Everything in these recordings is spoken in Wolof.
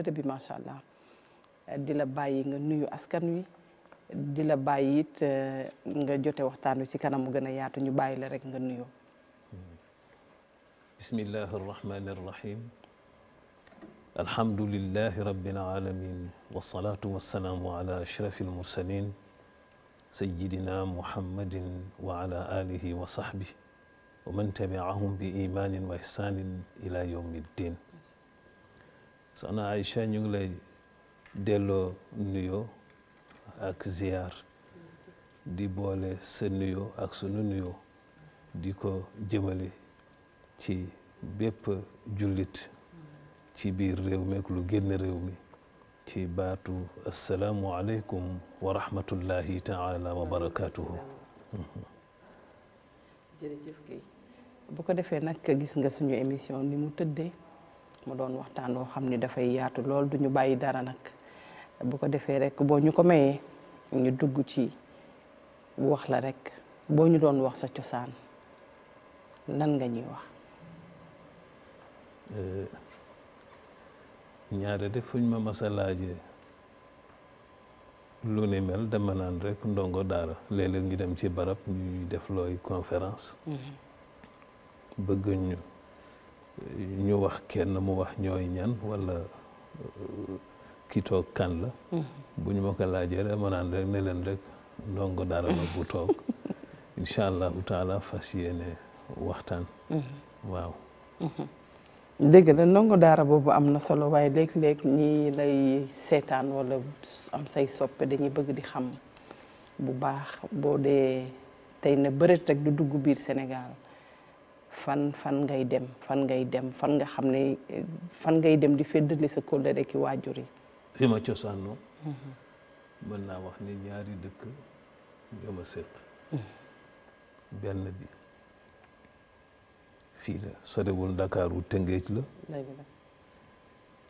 kóllëre bi macha allah di la bàyyi nga nuyu askan wi di la bàyyi it nga jote waxtaan wi ci kanam mu gën a yaatu ñu bàyyi la rek nga nuyoo. bismillahi rahmaani rahim. alhamdulilahi rabbil alamin wasalaatu wasalaamu ala ashrafi almursalin sayidina muhammadin wa ala alihi wa sahbihi wa man tabiahum bi imanin wa ihsanin ila yawmi ddin soxna Aïcha ñu ngi lay delloo nuyo ak ziar di boole sa nuyoo ak sunu nuyo di ko jëmale ci bépp jullit ci biir réew mi ak lu génn réew mi ci baatu asalaamu aleykum wa rahmatullahi taala wa barakaatuhu jërëjëf ko defee nag gis nga suñu émission ni mu tëddee mu doon waxtaan woo xam ni dafa yaatu lool du ñu bàyyi dara nag bu ko defee rek boo ñu ko mayee ñu dugg ci wax la rek boo ñu doon wax sa cosaan lan nga ñuy wax. Euh, ñaare de fuñ ma masa laajee lu ni mel dama naan rek ndongo daara léeg-léeg ñu dem ci barab ñuy def looy conférence. Mhm. bëgg ñu. ñu wax kenn mu wax ñooy ñan wala uh, ki toog kan la mm-hmm. bu ñu ma ko laajee rek ma naan rek ne leen rek ndongo dara la bu toog incha allahu taala fas yéene waxtaan mm-hmm. waaw mm-hmm. dëgg la ndongo daara boobu am na solo waaye léeg-léeg ñi lay seetaan wala am say sopp dañuy bëgg di xam bu baax boo dee tey ne bëreet rek du dugg biir Sénégal fan fan ngay dem fan ngay dem fan nga xam ne fan ngay dem di féddali sa kóllëre ki waajur yi fi ma cosaanoo mën naa wax ne ñaari dëkk ñoo ma séq benn bi fii la sorewul Ndakaaru Tëngéej la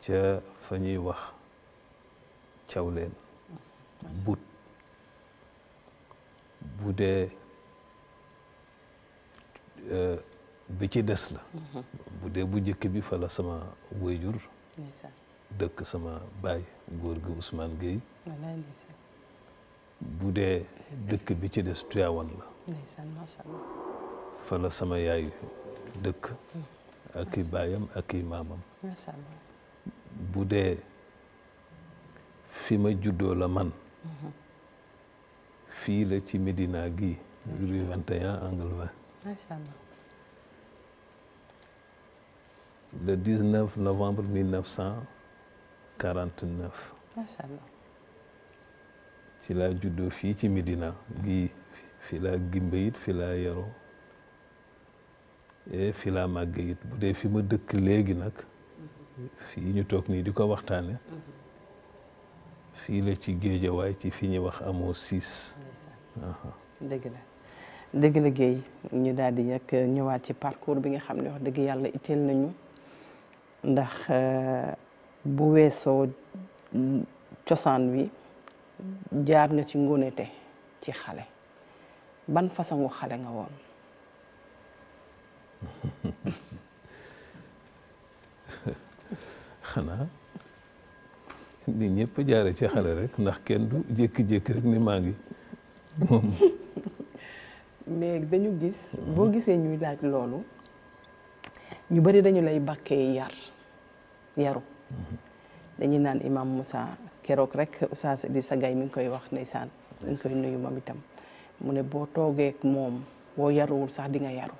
ca fa ñuy wax cawleen but bu euh, bi ci des la mhm. bu dee bu njëkk bi fala sama wayjur dëkk sama baay góor gi Ousmane Gueye bu dee dëkk bi ci des Tuyaawan la fa sama yaay dëkk mhm. ak baayam ak maamam bu dee fi ma juddoo la man mhm. fii la ci Médina gi rue 21 angle 20 le 19 novembre 1949. macha laa juddoo fii ci Médina gi fi laa gimbe it fi laa yaroo et fi laa màgge bu dee fi ma dëkk léegi nag fii ñu toog nii di ko waxtaane fii la ci waay ci fi ñuy wax amoo siis dëgg la dëgg géey ñu daal di nag ñëwaat ci parcours bi nga xam ne wax dëgg yàlla itteel nañu ndax euh, bu weesoo mm, cosaan wi jaar nga ci ngóonete ci xale ban façon xale nga woon xanaa ni ñëpp jaare ci xale rek ndax kenn du jékki-jékki rek ni maa ngi moom mais dañu gis boo gisee ñuy laaj loolu ñu bari dañu lay bàkkee yar yaru nyi nan imam musa kérok rek Oustaz di sa gay mi ngi koy wax neysan nuyu mom itam mu ne boo ak mom wo yarul sax di nga yaru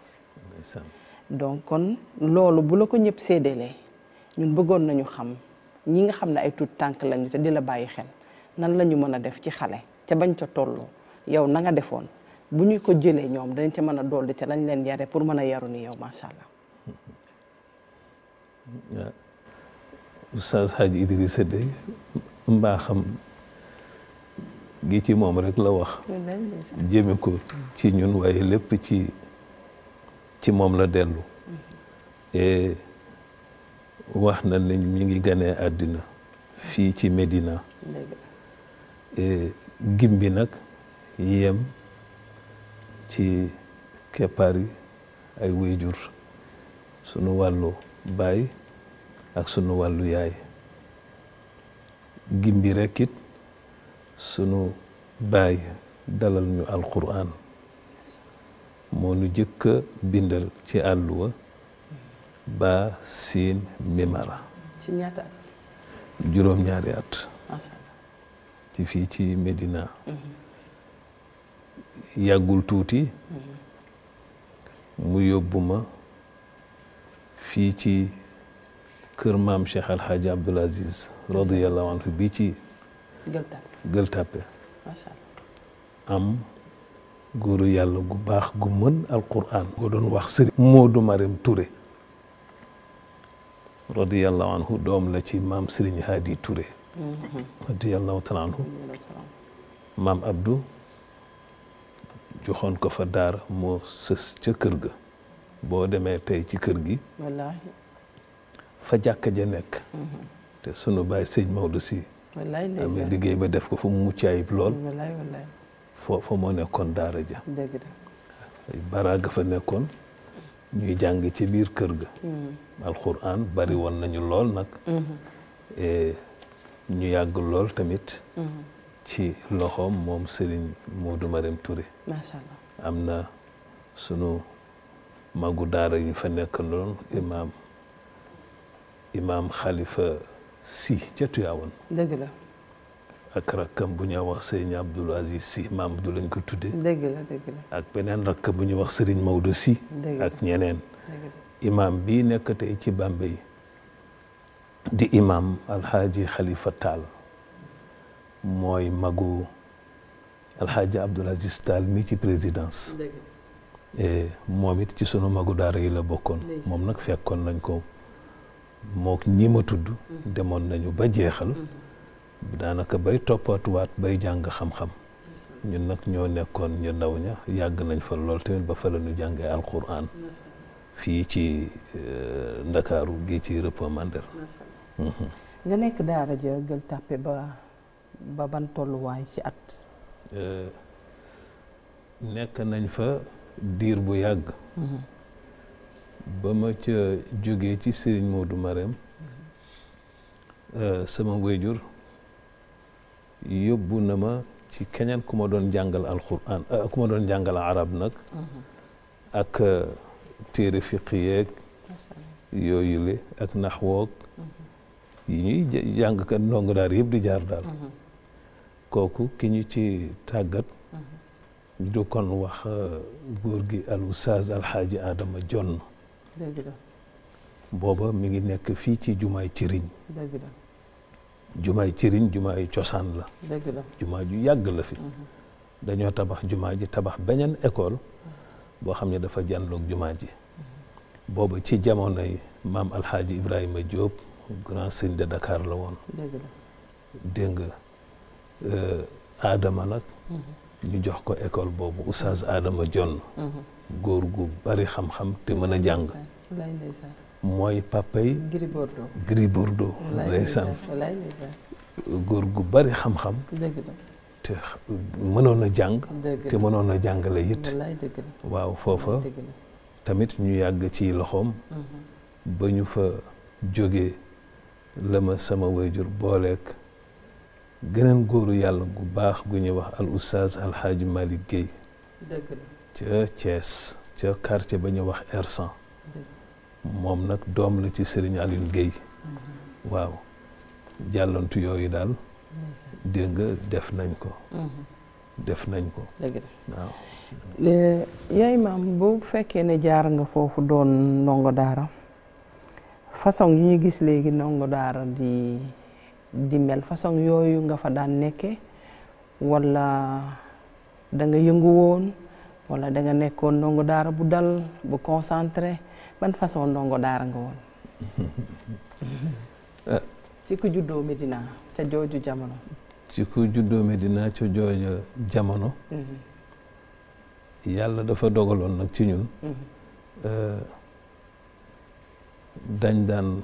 donc kon lolu bu la ko ñep sédélé ñun bëggon nañu xam ñi nga xam na ay tout tank lañu te di la xel nan la mëna def ci xalé ca bañ ca tollu yow na nga defoon buñu ko jëlé ñom dañ ca mëna a dolli lañ leen yare pour mëna yaru ni yow macha allah mm-hmm. waaw oustaz Hadj Idrissa mbaaxam gi ci moom rek la wax jëme ko ci ñun waaye lépp ci ci moom la dellu et wax na ne mi ngi gane àddina fii ci Medina e gimbi nag yem ci keppaari ay wéyjur sunu wàllu baay ak sunu wàllu yaay gimbi rekkit sunu baay dalal ñu alquran moo nu jëkk bindal ci àlluwa baa siin mimara ci ñaata at juróom-ñaari at ci fii ci Medina mm-hmm. yàggul tuuti mm-hmm. mu yóbbu ma fii ci kër maam Cheikh Al Hadj Abdoul bii ci. Gueule Tapée am góoru yàlla gu baax gu mën alquran. goo doon wax sëriñ Modou Marème Touré radiyallahu anhu doom la ci maam Serigne Hadi Touré. Mhm. radiyallahu taala anhu maam Abdou joxoon ko fa daara moo sës ca kër ga boo demee tey ci kër gi. fa jàkka ja nekk. Mhm. te sunu baay sëñ Maodo si. wallaay amee liggéey ba def ko fu mu mucc ayib lool. wallaay wallaay. foofa moo nekkoon daara ja. baraaga fa nekkoon ñuy jàng ci biir kër ga. Mhm. alxuraan bari woon nañu lool nag. Mhm. Eh, ñu yàgg lool tamit. ci loxoom moom Serigne Modou Marème Touré. macha allah am na sunu magu daara yu fa nekk lool imaam. imaam Khalifa si ca Tuyaawoon. dëgg ak rakkam bu ñuy wax sëriñ Abdoul si maam du lañ ko tuddee. dëgg ak beneen rakkam bu ñuy wax sëriñ Maodo si. ak ñeneen. imaam bi nekk tey ci Bambey di imaam Alhaji Khalifa Tall mooy magu Alhaji Abdoul Aziz Tall mi ci présidence. Eh, moom it ci sunu magu daara yi la bokkoon. moom nag fekkoon nañ ko. mook ñi ma tudd demoon nañu ba jeexal daanaka bay toppaatuwaat bay jàng xam-xam ñun nag ñoo nekkoon ñu ndaw ña yàgg nañ fa lool tamit ba fa la ñu jàngee alquran fii ci euh, ndakaaru gi ci repomander nga nekk daara ja Gueule Tapée ba ba ban tolluwaay ci at euh, nekk nañ fa diir bu yàgg mhm. ba ma ca jógee ci Serigne du Marème euh, sama wéjur yóbbu na ma ci keneen ku doon jàngal alquran euh, ku ma doon jàngal arab nag mhm. ak euh, téere fiqiyeeg yooyu le ak naxwoog mhm. yi ñuy jàng ka ndongo daar yëpp di jaar daal mhm. kooku ki ñu ci tàggat du kon wax góor gi al oustaz alxaaji adama jonn booba mi ngi nekk fii ci jumaay cëriñ jumaay cëriñ jumaay cosaan la jumaa ju yàgg la fi mhm. dañoo tabax jumaa ji tabax beneen école boo xam ne dafa jànloog jumaa ji mhm. booba ci jamonoy maam alxaaji Ibrahima Diop grand sëñ de Dakar la woon dégg nga euh, Adama nag mhm. ñu jox ko école boobu Oustaz Adama Jonn góor gu bari xam-xam te mën a jàng mooy papay Gris Bordeaux ndeysaan góor gu bari xam-xam te mënoon a jàng te mënoon a jàngale yit waaw foofa tamit ñu yàgg ci loxoom mhm. ba ñu fa jógee la ma sama wayjur booleek geneen góoru yàlla gu baax gu ñuy wax al oustaz alxaaji Malick Guèye ca Thiès ca quartier ba ñu wax R100 moom nag doom la ci Serigne Alioune Guèye waaw jàllantu yooyu daal dégg def nañ ko def nañ ko waaw yaay maam bu fekkee ne jaar nga foofu doon ndongo daara façon yi ñu gis léegi ndongo daara di di mel façon yooyu nga fa daan nekke walla da yënguwoon wala danga nekkoon ndongo daara bu dal bu concentré ban façon ndongo daara nga woon eh. ci ku juddoo Medina ca jooju jamono ci ku juddoo Medina jamono mm-hmm. yàlla dafa dogaloon nag ci ñun mm-hmm. eh, dañ daan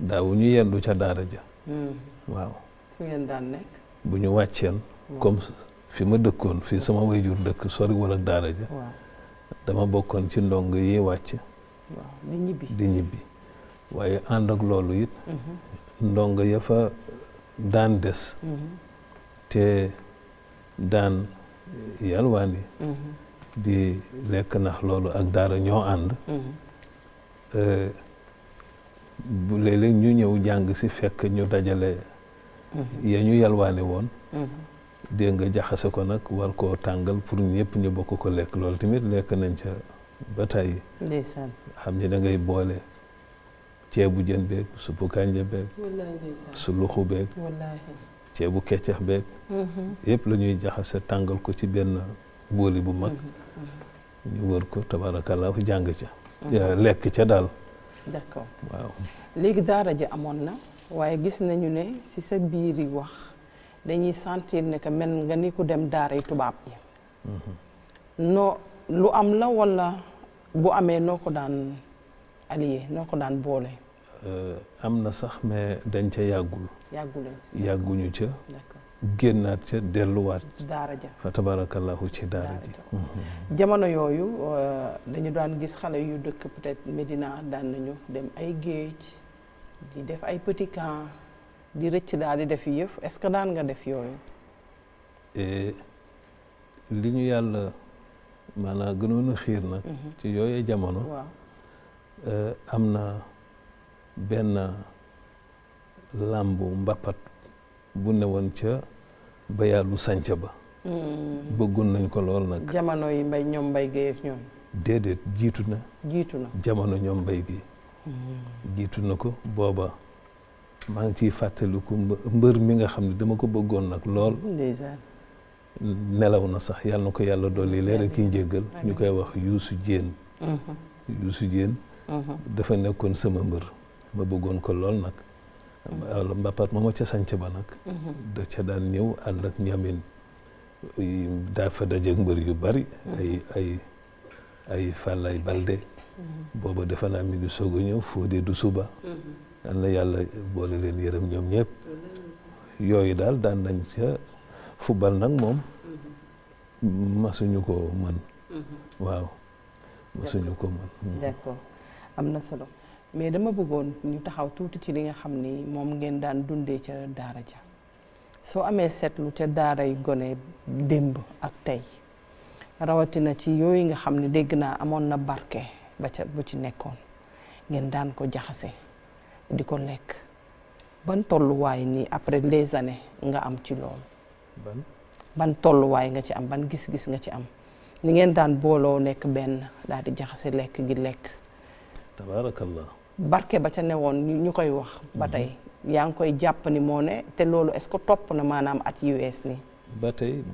daawu ñu yendu ca daara ja mm-hmm. waaw fu ngeen daan nekk bu ñu wàcceen fi ma dëkkoon fi sama wayjur dëkk soriwul ak daara ja dama bokkoon ci ndong yi wàcc di ñibbi di ñibbi waaye ànd ak loolu it mhm. ndong ya fa daan des mhm. te daan yalwaani mhm. di lekk nax loolu ak daara ñoo ànd bu ñu ñëw jàng si fekk ñu dajale ya ñu yalwaani woon dégg nga jaxase ko nag war koo tàngal pour ñëpp ñu bokk ko lekk loolu tamit lekk nañ ca ba tàyyi xam ni dangay boole ceebu jën beeg suppu kànja beeg suluxu beeg ceebu keccax beeg mm-hmm. yëpp lañuy ñuy jaxase tàngal ko ci benn booli bu mag mm-hmm. Mm-hmm. ñu wër ko tabaarakallaa jàng ca lekk ca daal d'accord waaw léegi daara ji amoon na waaye gis nañu ne si sa biir yi wax dañuy sentir ne que mel nga ni ku dem daaray tubaab yi mhm. noo lu am la walla bu amee noo ko daan allié noo ko daan boole euh, am na sax mais dañ ca yàggul yàgguñu ca génnaat ca delluwaat daara ja fa tabarakallahu ci daara ji mhm. jamono yooyu euh, dañu daan gis xale yu dëkk peut-être Médina daan nañu dem ay géej di def ay petit di rëcc daal di def yëf est-ce que daan nga def yooyu. Eh, li ñu yàlla maanaa gënoon xiir nag. Mhm. ci yooyu jamono. waaw eh, am na benn làmbu mbappat bu ne woon ca bayaalu sànca ba. Mm. bëggoon nañ ko lool nag. jamono yi mbay ñoom mbay géey ak ñoom. déedéet jiitu na. jiitu na jamono ñoom mbay gi. Mm. jiitu na ko booba. maa ngi ciy fàttaliku mbër mi nga xam ne dama ko bëggoon nag lool. nelaw na sax yàlla na ko yàlla dolli leer ak ki njëggal ñu koy wax yuusu Dieng. Youssou Dieng. Mm-hmm. Mm-hmm. dafa nekkoon sama mbër ma bëggoon ko lool nag. mbappat ma ma ca sanc ba nag. Mm-hmm. da ca daan ñëw ànd ak ñamin mbër yu bari. ay ay ay Fallay Balde. booba defe naa mi ngi soog a ñëw Fodé du suba. yal na yàlla boole leen yërëm ñoom ñëpp yooyu daal daan nañ ca football nag moom masuñu ko mën waaw masuñu ko mën d'accord am na solo mais dama bëggoon ñu taxaw tuuti ci li nga xam ni moom ngeen daan dundee ca daara ja soo amee seetlu ca daara daaray gone démb ak tey rawatina ci yooyu nga xam ne dégg naa amoon na barke ba ca bu ci nekkoon ngeen daan ko jaxase di ko lekk ban way ni après les années nga am ci lool ban ban way nga ci am ban gis-gis nga ci am ni ngeen daan bolo nek ben daal di jaxase lek gi lek tabarakallah barke ba ca newon ñu koy wax. batay mhm. yang koy japp ni mo ne te lolu est-ce top na manam at us ni batay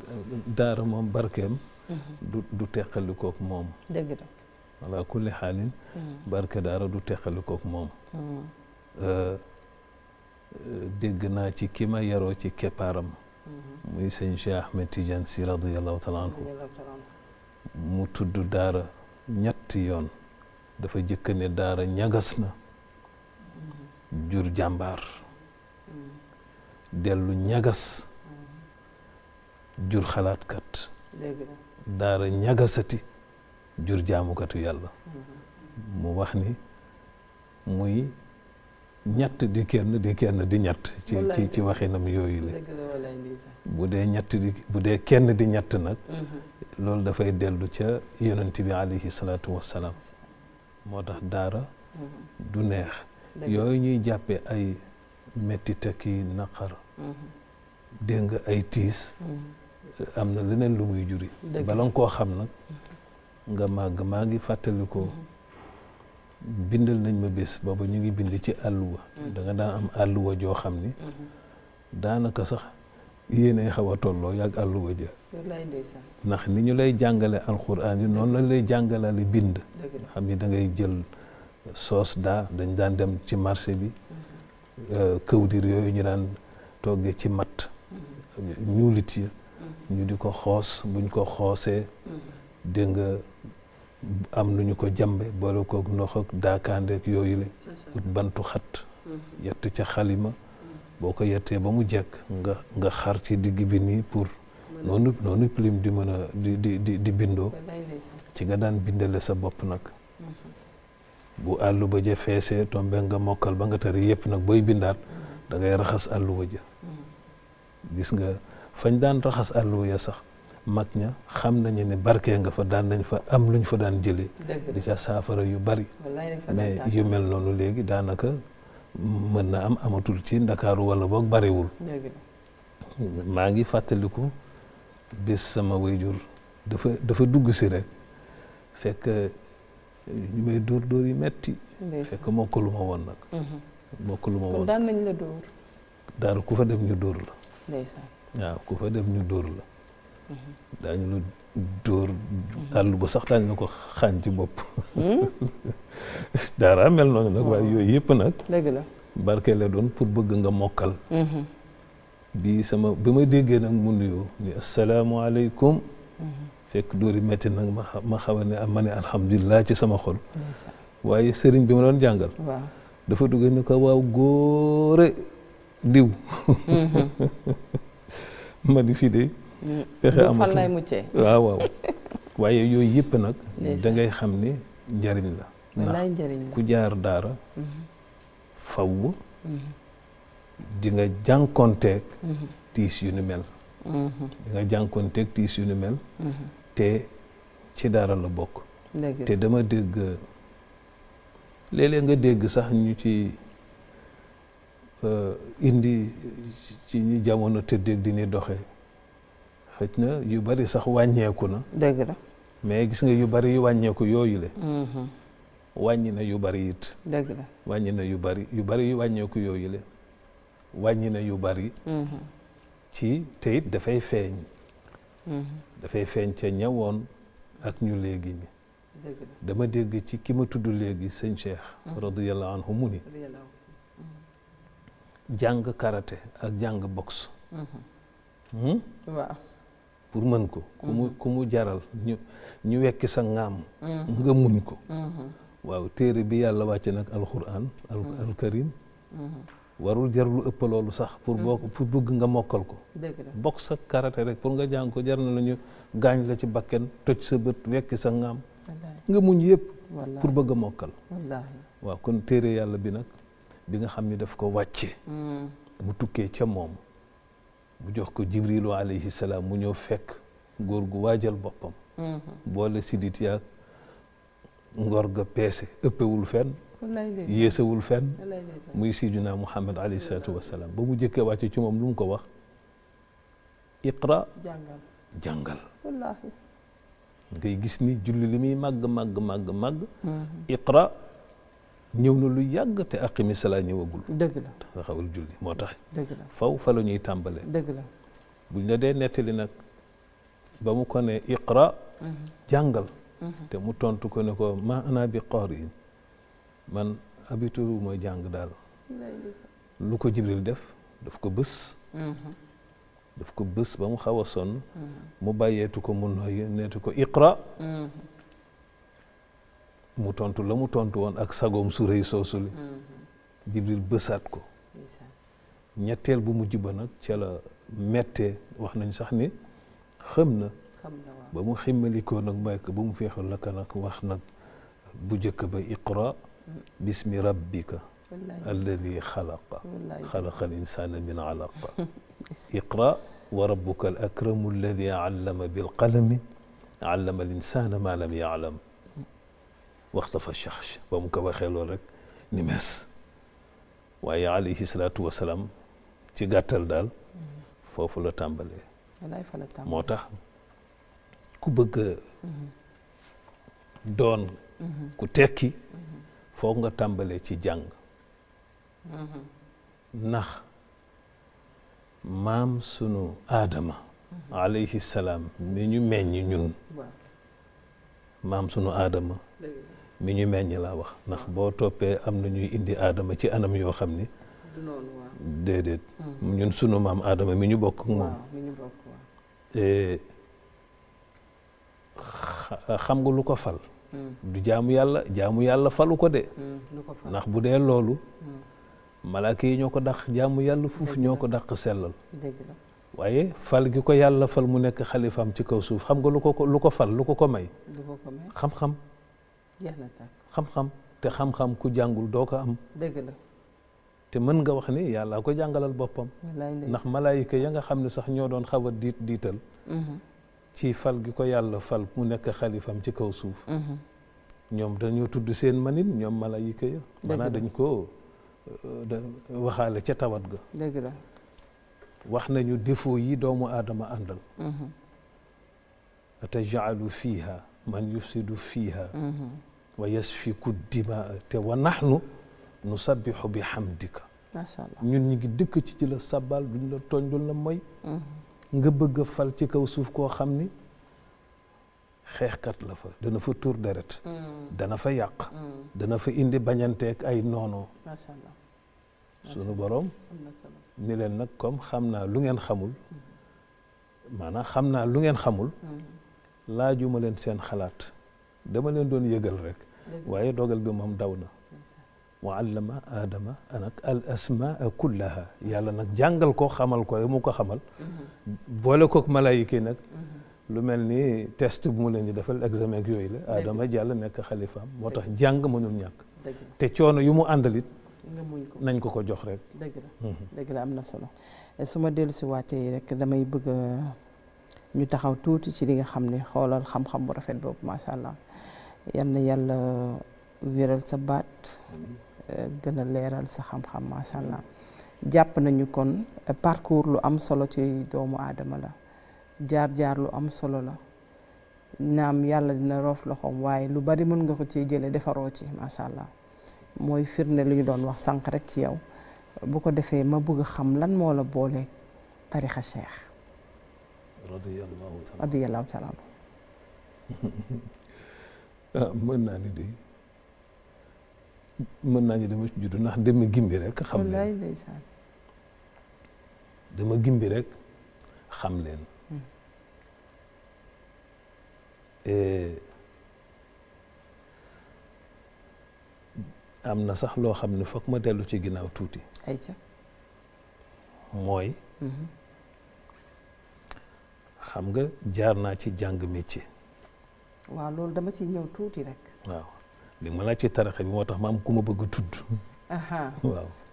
daara mom barkem mhm. du du teqali ak mom deug da wala kulli halin mhm. barke daara du teqali ak mom Euh, dégg naa ci ki ma yaroo ci keppaaram mm-hmm. muy sëñ Cheikh Ahmed Tidiane si radiallahu taala mu tudd daara ñetti yoon dafa jëkk ne daara ñagas na mm-hmm. jur jàmbaar mm-hmm. dellu ñagas jur xalaatkat daara ñagasati jur jaamukatu yàlla mu wax ni ñett di kenn di kenn di ñett ci ci ci waxinam yooyu la bu dee ñett di bu dee kenn di ñett nag mhm. loolu dafay dellu ca yonent bi alayhi salaatu wassalaam moo tax daara mhm. du neex yooyu ñuy jàppe ay mettita ki naqar mhm. dégg nga ay tiis am na leneen lu muy juri bala nga koo xam nag nga màgg maa ngi fàttalikoo bindal nañ ma bés booba ñu ngi bind ci àlluwa mm. da daan am àlluwa joo xam ni mm-hmm. daanaka sax yéenay xaw a tolloo yàgg àlluwa ja ndax ni ñu lay jàngale alxuraan yi noonu lañ lay jàngalale bind xam ni dangay jël soos daa dañ daan dem ci marché bi mm-hmm. euh, këwdir yooyu ñu daan toggee ci matt mm-hmm. ñuulit ya ñu di ko xoos buñ ko xoosee dégg nga am nuñu ko jambe boole ko nox ak dakande ak le ut bantu xat mm-hmm. yett ci khalima mm-hmm. boko yette ba mu jek nga nga xar ci digg bi ni pour nonu nonu plim di meuna di di di bindo ci nga dan sa bop nak mm-hmm. bu ba je fesse tombe nga mokal ba nga tari yep nak boy bindat da ngay raxas ba je gis nga fañ dan raxas allu ya sax mag ña xam nañu ne barkee nga fa daan nañ fa am luñ fa daan jëlee di ca saafara yu bari mais yu mel noonu léegi daanaka mën na am amatul ci ndakaaru wala boog bariwul maa ngi fàttaliku bis sama wayjur dafa dafa dugg si rek fekk ñu may dóor dóor yu metti fekk mokkalu ma woon nag mhm. mokkalu ma woon daan nañ la dóor daaru ku fa dem ñu dóor la waaw ku fa dem ñu dóor la daañu nu dóor àll ba sax daañu na ko xaañ ci bopp hmm? daara mel noonu nag waaye hmm. yooyu yëpp nag la barke la doon pour bëgg nga mokkal bi hmm. sama bi ma déggee nag mu nuyoo ni asalaamaaleykum fekk dóori metti nag ma ma xaw ne ma sama xol waaye sëriñ bi ma doon jàngal dafa dugg ni ko waaw góore diw ma di fii pexe amatul fan lay muccee waaw waaw waaye yooyu yëpp nag da ngay xam ni njariñ la ndax ku jaar daara mhm. faw mhm. di nga jànkonteeg mhm. tiis yu ni mel di nga jànkonteeg tiis yu ni mel te ci daara la bokk te dama dégg léeg nga dégg sax ñu ci euh, indi ci ñu jamono tëddeeg di ni doxee xëj na yu bari sax wàññeeku na. dëgg la mais gis nga yu bari yu wàññeeku yooyu le mm-hmm. wàññi na yu bari na yu yu bari wàññeeku yooyu le wàññi na yu bari. Mm-hmm. ci te dafay feeñ. Mm-hmm. dafay feeñ ca ñawoon ak ñu léegi ñi. dama dégg ci ki ma tudd léegi sëñ Cheikh. radiyallahu anhu mu ni jàng karaté ak jàng box hmm? pour mën ko ku mu ku mu jaral ñu ñu wekki sa ŋaam nga muñ ko waaw téere bi yàlla wàcce nag alquran alkarim warul jar lu ëpp loolu sax pour boo pour bëgg nga mokkal ko bokk sa karaté rek pour nga jàng ko jar na la ñu gaañ la ci bakken toj sa bët wekki sa ŋaam nga muñ yëpp pour bëgg a mokkal waaw kon téere yàlla bi nag bi nga xam ni daf ko wàcce mm. mu tukkee ca moom mu jox ko jibrilu alayhi salaam mu ñëw fekk góor gu waajal boppam mhm. boole sidit yaa ngor ga peese ëppewul fenn yéesewul fenn muy sidina muhammad alayhi salaatu wasalaam ba mu jëkkee wàcce ci moom lu ko wax iqra jàngal ngay gis ni julli li muy màgg màgg màgg mhm. iqra ñëw na lu yàgg te aqimi salaa ñëwagul. dëgg la taxawal julli moo tax. dëgg faw fa la ñuy tàmbale dëgg la buñ dee nettali nag ba mu ko ne mhm. jàngal. Mhm. te mu tontu ko ne ko ma ana bi qaari man habitu mooy jàng daal. lu ko Jibril def daf ko bës. Mhm. daf ko bës ba mu xawa a sonn. mu bàyyeetu ko mu nooy neetu ko iqra mu tontu la mu tontu won ak sagom su rëy soosu li jibril beusat ko ñettel bu mujj ba nak ci la metté wax nañ sax ni xamna ba mu ximeliko nak may ko bu mu fexal la ka nag wax nak bu jëkk ba iqra bismi rabbika alladi xalaqa xalaqa al insana min alaqa iqra wa rabbuka al akramu alladi allama bilqalami allama al insana ma lam yaalam waxta fa chaxch ba mu ko waxee loolu rek ni mes waaye alayhi salaatu wasalaam ci gàttal daal foofu la tàmbalee moo tax ku bëgg mm-hmm. doon mm-hmm. ku tekki mm-hmm. foog nga tàmbalee ci jàng ndax maam sunu aadama alayhi salaam mi ñu meññ ñun maam sunu aadama mi ñu meññ laa wax ndax boo toppee am na ñuy indi aadama ci anam yoo xam ni déedéet mm. ñun sunu maam aadama mi ñu bokk moom e, xam nga lu ko fal mm. du jaamu yàlla jaamu yàlla falu ko de mm, ndax bu dee loolu malaaka yi ñoo ko dàq jaamu yàlla fuuf ñoo ko dàq sellal waaye fal gi ko yàlla fal mu nekk xalifaam ci kaw suuf xam nga lu ko lu ko fal lu ko ko may xam-xam jeex na tàkk xam-xam te xam-xam ku jàngul doo ko am. dëgg la. te mën nga wax ni yàlla ko jàngalal boppam. ndax malaayika ya nga xam ne sax ñoo doon xaw a diit diital. ci fal gi ko yàlla fal mu nekk xalifam ci kaw suuf. ñoom dañoo tudd seen manin ñoom malaayika ya. maanaam dañ ko waxaale ca tawat ga. dëgg la. wax nañu défaut yi doomu aadama àndal. atajaalu fiiha من يفسد فيها ويسفك الدماء ونحن نسبح بحمدك ما شاء الله allah ñun ñi ngi dëkk ci ci la sabal duñ nga bëgg fal ci kaw suuf ko xamni xex kat la fa dana fa tour deret dana fa yàq dana fa indi bañante ak ay noonoo macha allah sunu borom ni leen nag comme xam lu ngeen xamul maanaam xam lu ngeen xamul لا جملن سين خلات دملن دون يغل رك وايي دوغل بي مام داونا وعلم ادم انك الاسماء كلها يالا نك جانغال كو خمال كو موكو خمال بوله كو ملائكه نك لو ملني تيست بو ملني ديفال اكزامين كيو يلا ادم جالا نك خليفه موتاخ جانغ مو نوم نياك تي تيونو يمو اندليت نانكو كو جوخ رك دغرا دغرا امنا سولو سوما ديلو سي رك دامي بوغ ñu taxaw tuuti ci li nga xam ne xoolal xam-xam bu rafet boobu allah yal yàlla wéral sa baat gën a leeral sa xam-xam allah jàpp nañu kon parcours lu am solo ci doomu aadama la jaar-jaar lu am solo la naam yàlla dina roof loxoom waaye lu bari mën nga ko ci jële defaroo ci macha allah mooy firne lu ñu doon wax sànq rek ci yow bu ko defee ma bëgg xam lan moo la boolee cheikh radiyallahu taala radiyallahu ah, mën naa ni de mën naa ni dama judd ndax dama gimbi rek xam leen wallaay ndeysaan rek xam leen hmm. eh, am na sax loo xam ne foog ma dellu ci ginnaaw tuuti. ayca mooy. Mm-hmm. xam nga jaar naa ci jàng métier. waaw loolu dama ci ñëw tuuti rek. waaw li ma laaj ci taraxe bi moo tax ma am ku ma bëgg tudd.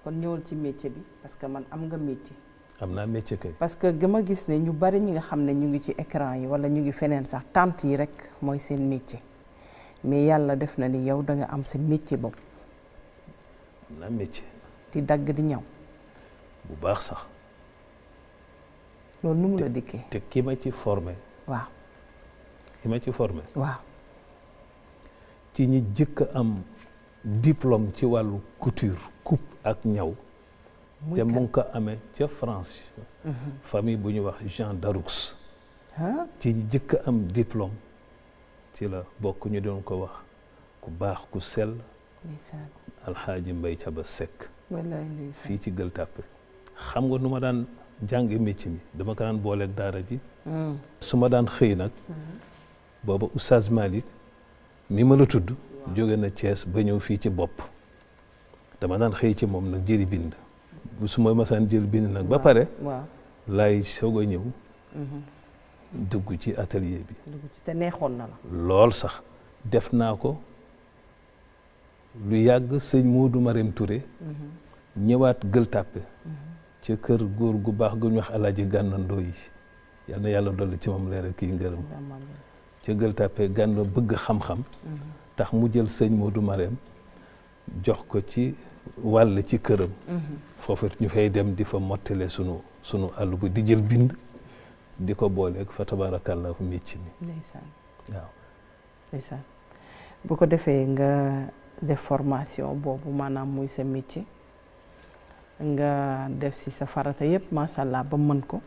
kon ñëwal ci métier bi parce que man am nga métier. am naa métier kay. parce que gama gis ne ñu bari ñi nga xam ne ñu ngi ci écran yi wala ñu ngi feneen sax tànt yi rek mooy seen métier mais yàlla def na ni yow da am sa métier boobu. am naa métier. di dagg di ñaw. bu baax sax. loolu nu mu ma ci formé. Wa. Qui formé. am diplôme ci couture coupe ak ñaw. te France. Mhm. famille bu Jean Daroux. Hein? am diplôme ci la bokk ñu doon ko wax ku baax ku sell. alxaaji mbay il ci jàng métier mi dama ko daan booleeg daara ji. Hmm. su ma daan xëy nag. Hmm. booba Oustaz Malick mi ma la tudd. jóge na cees ba ñëw fii ci bopp. dama daan xëy ci moom nag jëri bind. bu su ma masaan jël bind nag ba pare. laay soog a ñëw. Hmm. dugg ci atelier bi. neexoon na lool sax def naa ko lu yàgg sëñ Modou Marème Touré. ñëwaat Gueule Tapée ca kër góor gu baax gu ñu wax alaaji gànnandoo yi yal yàlla dolli ci moom leeral kii ngërëm ca gël tàppe bëgg xam-xam mm-hmm. tax mu jël sëñ du Marème jox ko ci wàll ci këram mm-hmm. foofu ñu fay dem di fa mottale sunu àll bu di jël bind di ko booleeg fa tabaarakàllaahu micc mi ndeysaan waaw ndeysaan bu ko defee nga def boobu maanaam muy sa métier nga def si sa farata yëpp macha allah ba mën ko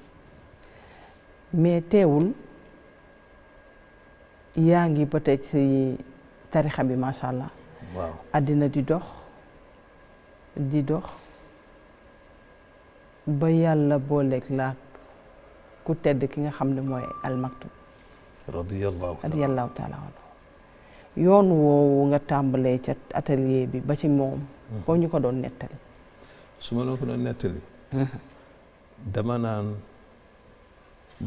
mais teewul yaa ngi ba tey si tarixa bi macha allah. àddina di dox di dox ba yàlla booleeg laak ku tedd ki nga xam ne mooy almaktub. radiyallahu taala radiyallahu yoon woowu nga tàmbalee ca atelier bi ba ci moom. Hmm. boo ñu ko doon nettali. su ma la ko doon nettali uh-huh. dama naan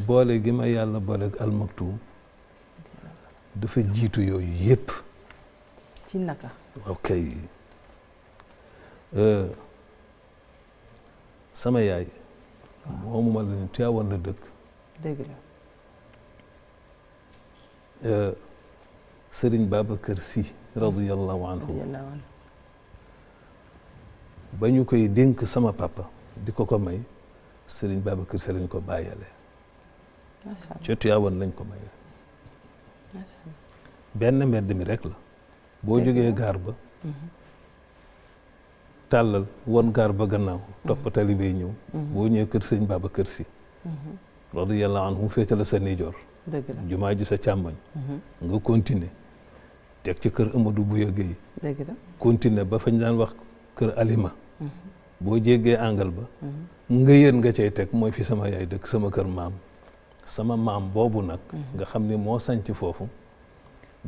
boole gi ma yàlla boole ak almaktum dafa jiitu yooyu yépp ci naka waaw kay euh, sama yaay moomu ma la ne Tiwaawan la dëkk sëriñ la kër si Sy radiallahu anhu ba ñu koy dénk sama papa di ko ko may sëriñ Babacar Sy lañ ko bàyyale ca Tiwaawan lañ ko may benn mbedd mi rek la boo jógee gaar ba mhm. tàllal won gaar ba gannaaw mhm. topp tali bay ñëw mhm. boo ñëwee kër sëriñ Babacar Sy radiyallahu anhu féete la sa nijoor jumaa ji sa càmmoñ nga continuer teg ci kër Amadou Bouya Gueye continuer ba fañ daan wax kër Alima. Mm-hmm. boo jéggee angal ba. Mm-hmm. nga yéen nga cay teg mooy fi sama yaay dëkk sama kër maam. sama maam boobu nag. Mm-hmm. nga xam ne moo sanc foofu.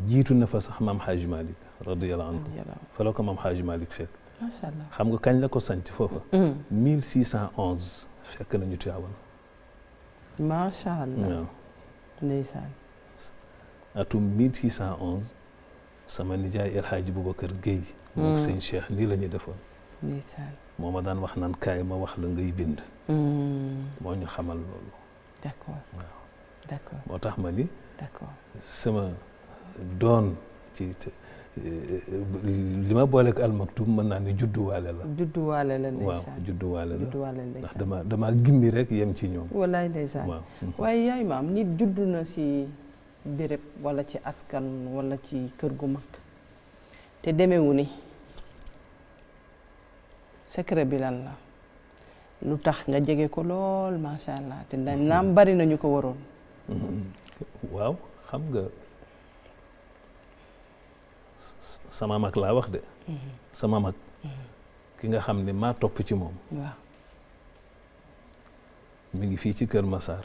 jiitu na fa sax maam Haji Malick radiyallahu anhu. fa ko maam Haji Malick fekk. macha allah xam nga kañ la ko sanc foofa. 1611 fekk nañu Tiwaawan. macha allah waaw. ndeysaan. sama nijaay El Hadj Boubacar Guèye. moom mm. sëñ Cheikh nii la defoon. moo ma daan wax naan kaay ma wax la ngay bind. Mm. moo ñu xamal loolu. d'accord waaw. d'accord moo tax ma ni. d'accord sama doon ci li ma booleeg almaktub mën naa ni judduwaale la. judduwaale la ndeysaan waaw judduwaale la ndax dama dama gimmi rek yem ci ñoom. wallaay ndeysaan waaye yaay maam nit juddu na si béréb walla ci askan wala ci kër gu mag te demewu ni secret bi lan la lu nga jégué ko ma sha allah té dañ naam bari nañu ko waron waaw xam nga sama mak la wax de sama mak, ki nga xam ne maa ci mom waaw mi ngi fi ci Kër Massar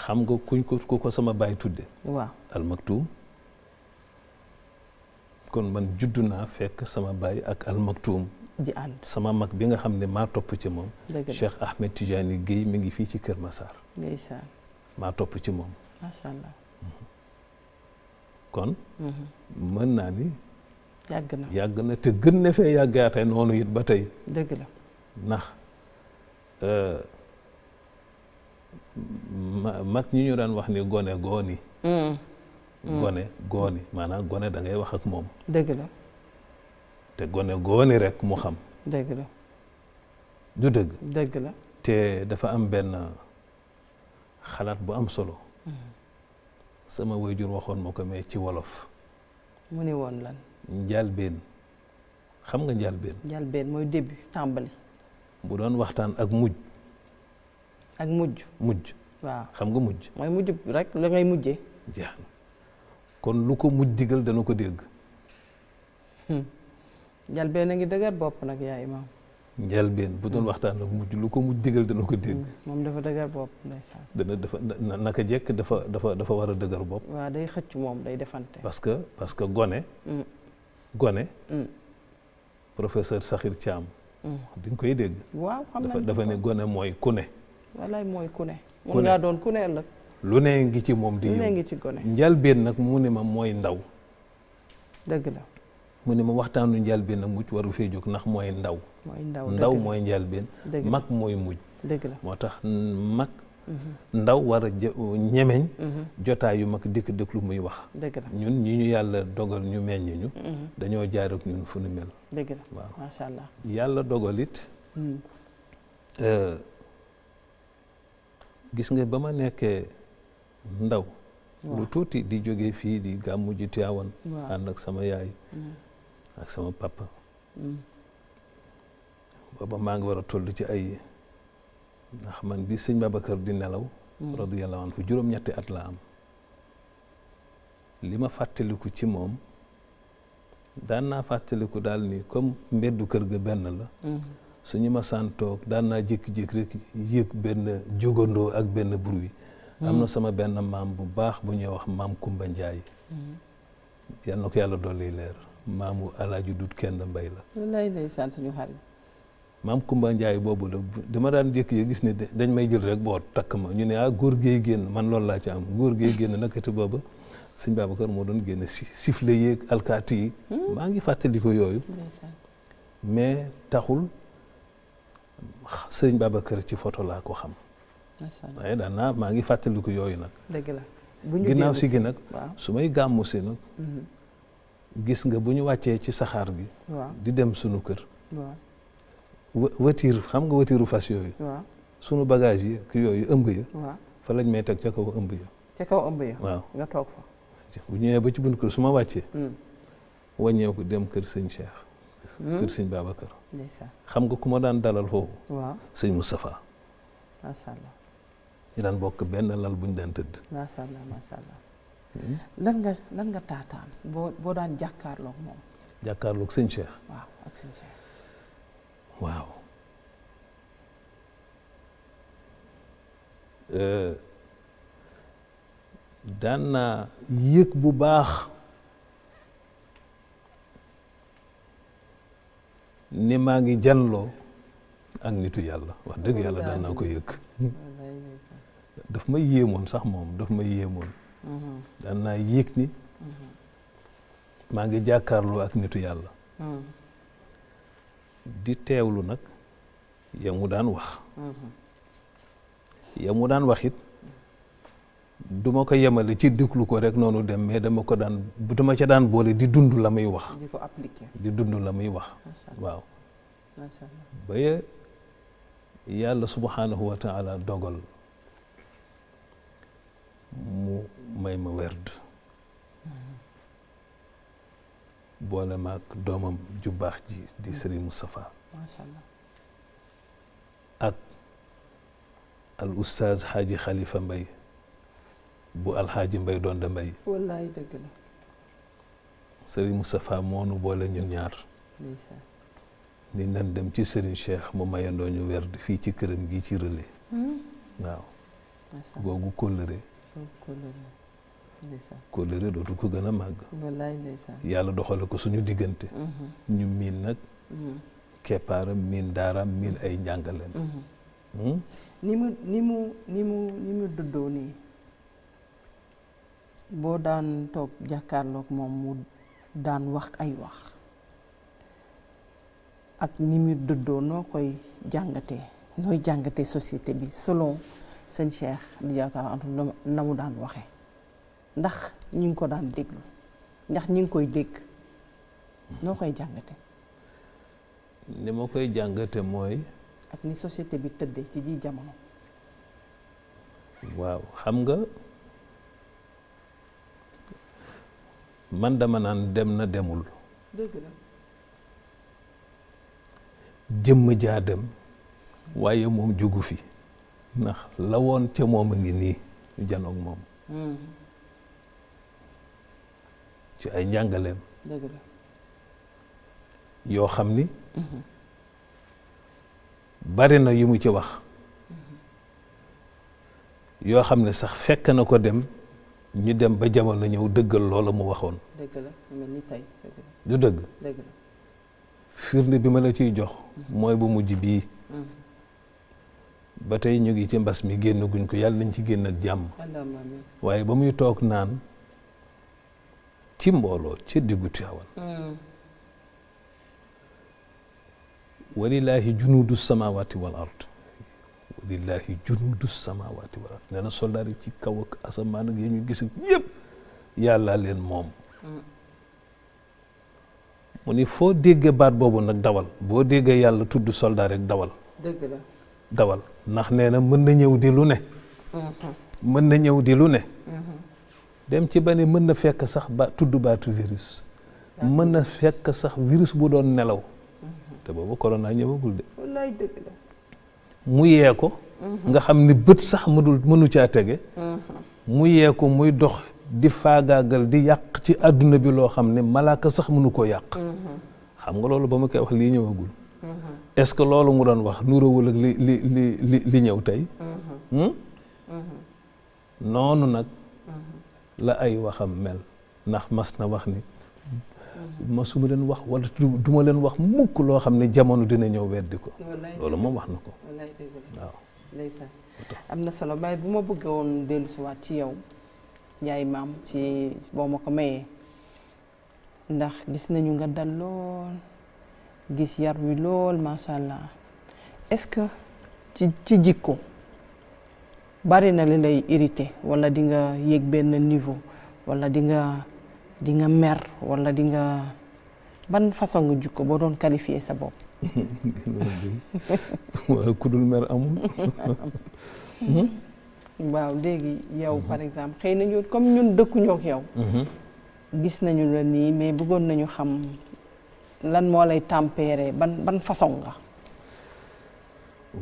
xam nga kuñ ko ko sama bay tuddé waaw kon man juddu naa fekk sama bay ak maktoum di and sama mak bi nga xamne ma top ci mom Cheikh Ahmed tijani gey mi ngi fi ci keur Massar ndeysaan maa ci mom macha allah mhm. kon mhm. mën naa ni yagna yagna te gën na fe yàggaate noonu it ba tey dëgg la nax euh mak ñu daan wax ni goni goni. Mm. Mm. gone gooni maanaam gone da ngay wax ak moom. dëgg la. te gone gooni rek mu xam. dëgg la. du dëgg. dëgg la. te dafa am benn xalaat bu am solo. Mm. sama waajur waxoon ma ko mais ci wolof. mu ne woon lan. njàlbeen xam nga njàlbeen. njàlbeen mooy début tàmbali. bu doon waxtaan ak mujj. ak mujj. mujj. waaw xam nga mujj. mooy mujj rek la ngay mujjee. jeex na kon lu ko mujj digal dana ko dégg. Hmm. njalbeen a ngi dëgër bopp nag yaay imaam. njalbeen bu doon hmm. waxtaan nag mujj lu ko mujj digal dana ko dégg. Hmm. moom dafa dëgër bopp ndeysaan. dana dafa dafa dafa dafa war a dëgër bopp. day xëcc moom day defante. parce que parce que gone. gone. professeur Sakhir Thiam. di koy dégg. waaw xam nañ dafa ne gone mooy ku ne. mooy ku ne. ku ne mun ngaa doon ku ne lu ne ngi ci moom di yëngu ngi ci gone njëlbeen nag mu ne ma mooy ndaw. dëgg la. mu ne ma waxtaanu njalbeen nag mujj waru fee jóg ndax mooy ndaw. ndaw ndaw mooy njëlbeen. mag mooy mujj. dëgg moo tax mag. Mhm. ndaw war a ñemeñ. Mhm. jotaay yu mag dikk dëkk lu muy wax. dëgg ñun ñi ñu yàlla dogal ñu meññ ñu. Mhm. dañoo jaar ak ñun fu nu mel. allah. yàlla dogal it. Euh, gis nga ba ma nekkee. ndaw lu tuuti di jóge fii di gàmmu ji Tiwaawan ànd ak sama yaay mm. ak sama papa mm. booba maa ngi war a toll ci ay ndax man bi sëñ kër di nelaw mm. radiyallahu anhu juróom-ñetti at la am li ma fàttaliku ci moom daan naa fàttaliku daal ni comme mbeddu kër ga benn la suñu ma saan daan naa jékki-jékki rek yëg benn jógandoo ak benn bruit am na hmm. sama benn maam bu baax bu ñuy wax maam Kumba Ndiaye. Hmm. yal na ko yàlla dolli leer maamu alaaju dut kenn mbay la. wallaay ndeysaan maam Kumba Ndiaye boobu la dama daan jékki yi gis ne dañ may jël rek boo takk ma ñu ne ah góor gee génn man loolu laa ci am góor gee génn nakati booba sëñ Babacar moo doon génn si sifle yeeg alkaati yi. Hmm. maa ngi fàttali ko yooyu. mais taxul sëñ Babacar ci photo laa ko xam. waaye daan naa maa ngi fàttaliku yooyu nag. dëgg la bu ñu ginnaaw si gi nag. su may gàmmu si nag. Mhm. gis nga bu ñu wàccee ci saxaar bi. di dem suñu kër. watiir xam nga watiiru fas yooyu. sunu bagage yi ki yooyu ëmb ya. fa lañ may teg ca kaw ëmb ya. ca kaw ëmb ya. waaw nga toog fa. ñëwee ba ci bunt kër suma ma wàccee. Hmm. wàññeeku dem kër sëñ Cheikh. Hmm. kër sëñ Babacar. xam nga ku ma daan dalal foofu. waaw sëñ Moustapha. ñu daan bokk benn lal buñ ñu daan tëdd. macha allah macha lan nga lan nga taataan boo boo daan jàkkaarloog moom. jàkkaarloog sëñ Cheikh. waaw euh, daan naa yëg bu baax ni maa ngi janloo ak nitu yàlla wax dëgg yàlla daan naa ko yëg. daf ma yéemoon sax moom daf ma yéemoon. Mm-hmm. daan naa yéeg ni. Mm-hmm. maa ngi jàkkaarloo ak nitu yàlla. Mm-hmm. di teewlu nag ya daan wax. ya daan wax it du ko yemale ci déglu ko rek noonu dem mais dama ko daan dama ca daan boole di dund la muy wax. di ko dund la muy wax. waaw. ba yàlla subhanahu wa taala mu may ma werd boole ma ak doomam ju baax ji di Serigne Moustapha macha ak al oustaz xaaji xalifa mbay bu alxaaji mbay doon da mbay wallaay dëgg la boole ñun ñaar ni nan dem ci Serigne Cheikh mu mayandoo ñu werd fii ci këram gi ci relais hmm? waaw googu kóllëre kóllëre dootu ko gën a màgg yàlla doxale ko suñu diggante mhm. ñu miin nag mm. keppaaram miin daaraam miin ay njàngaleem mhm. hmm? ni mu ni mu ni mu ni mu duddoo nii boo daan toog jàkkaarloog moom mu daan wax ay wax ak ni mu duddoo noo koy jàngatee nooy jàngatee société bi selon sëñ Cheikh radiyallaahu taala anhu na mu daan waxe ndax ñu ngi ko daan déglu ndax ñu ngi koy dégg noo koy jàngate ni ma koy jàngate mooy ak ni société bi tëddee ci ji jamono waaw xam nga man dama naan dem na demul dëgg jëmm jaa dem waaye moom jugu fi ndax lawoon ca moom a ngi nii janook moom hmm. ci ay njàngaleem yoo xam ni hmm. bari na yu mu ci wax hmm. yoo xam ne sax fekk na ko dem ñu dem ba jamono ñëw dëggal loola mu waxoon dëgg du dëgg firnde bi ma la ciy jox mooy bu mujj bii ba tey ñu ngi ci mbas mi génn guñ ko yàlla nañ ci génn ak jàmm waaye ba muy toog naan ci mbooloo ci diggu Tiwaawan walilaahi junudu samawati wal ard walilaahi junudu samawati wal ard nee na soldaar yi ci kaw ak asamaan ak ya ñu gis ak yëpp yàlla leen moom mu ni foo déggee baat boobu nag dawal boo déggee yàlla tudd soldaar rek dawal dëgg la dawal ndax nee na mën na ñëw di lu ne mhm. mën na ñëw di lu ne mhm. dem ci ba ne mën na fekk sax ba tudd baatu virus mën na fekk sax virus bu doon nelaw mhm. te boobu corona ñëwagul de mu yee ko nga xam ni bët sax mënul mënu caa tege mu yee ko muy dox di faagaagal di yàq ci àdduna bi loo xam ne malaaka sax mënu koo yàq xam nga loolu ba ma koy wax lii ñëwagul Mm-hmm. est ce que loolu mu doon wax wol ak li li li li li ñëw mm-hmm. hmm? Mm-hmm. noonu nag la ay waxam mel ndax mas wax ni masuma len wax wala du len wah wax mukk lo xamne ne jamono dina ñew wedd ko lolu mo wax nako ko waaw ndeysaan am solo bay bu ma bëggee woon wat ci yow mam ci bo mako maye ndax gis nañu nga dal lool gis yar wi lool macha allah est-ce que ci ci jikko bari na li lay irrité wala di nga yéeg benn niveau wala dinga dinga mer wala dinga ban façon nga jikko boo doon qualifier sa bopp. waaw ku dul mer amul. waaw léegi yow mhm. par exemple xëy na ñun comme ñun dëkkuñoo ak yow. Mhm. gis nañu la nii mais bëggoon nañu xam. lan moo lay tempéré ban ban façon nga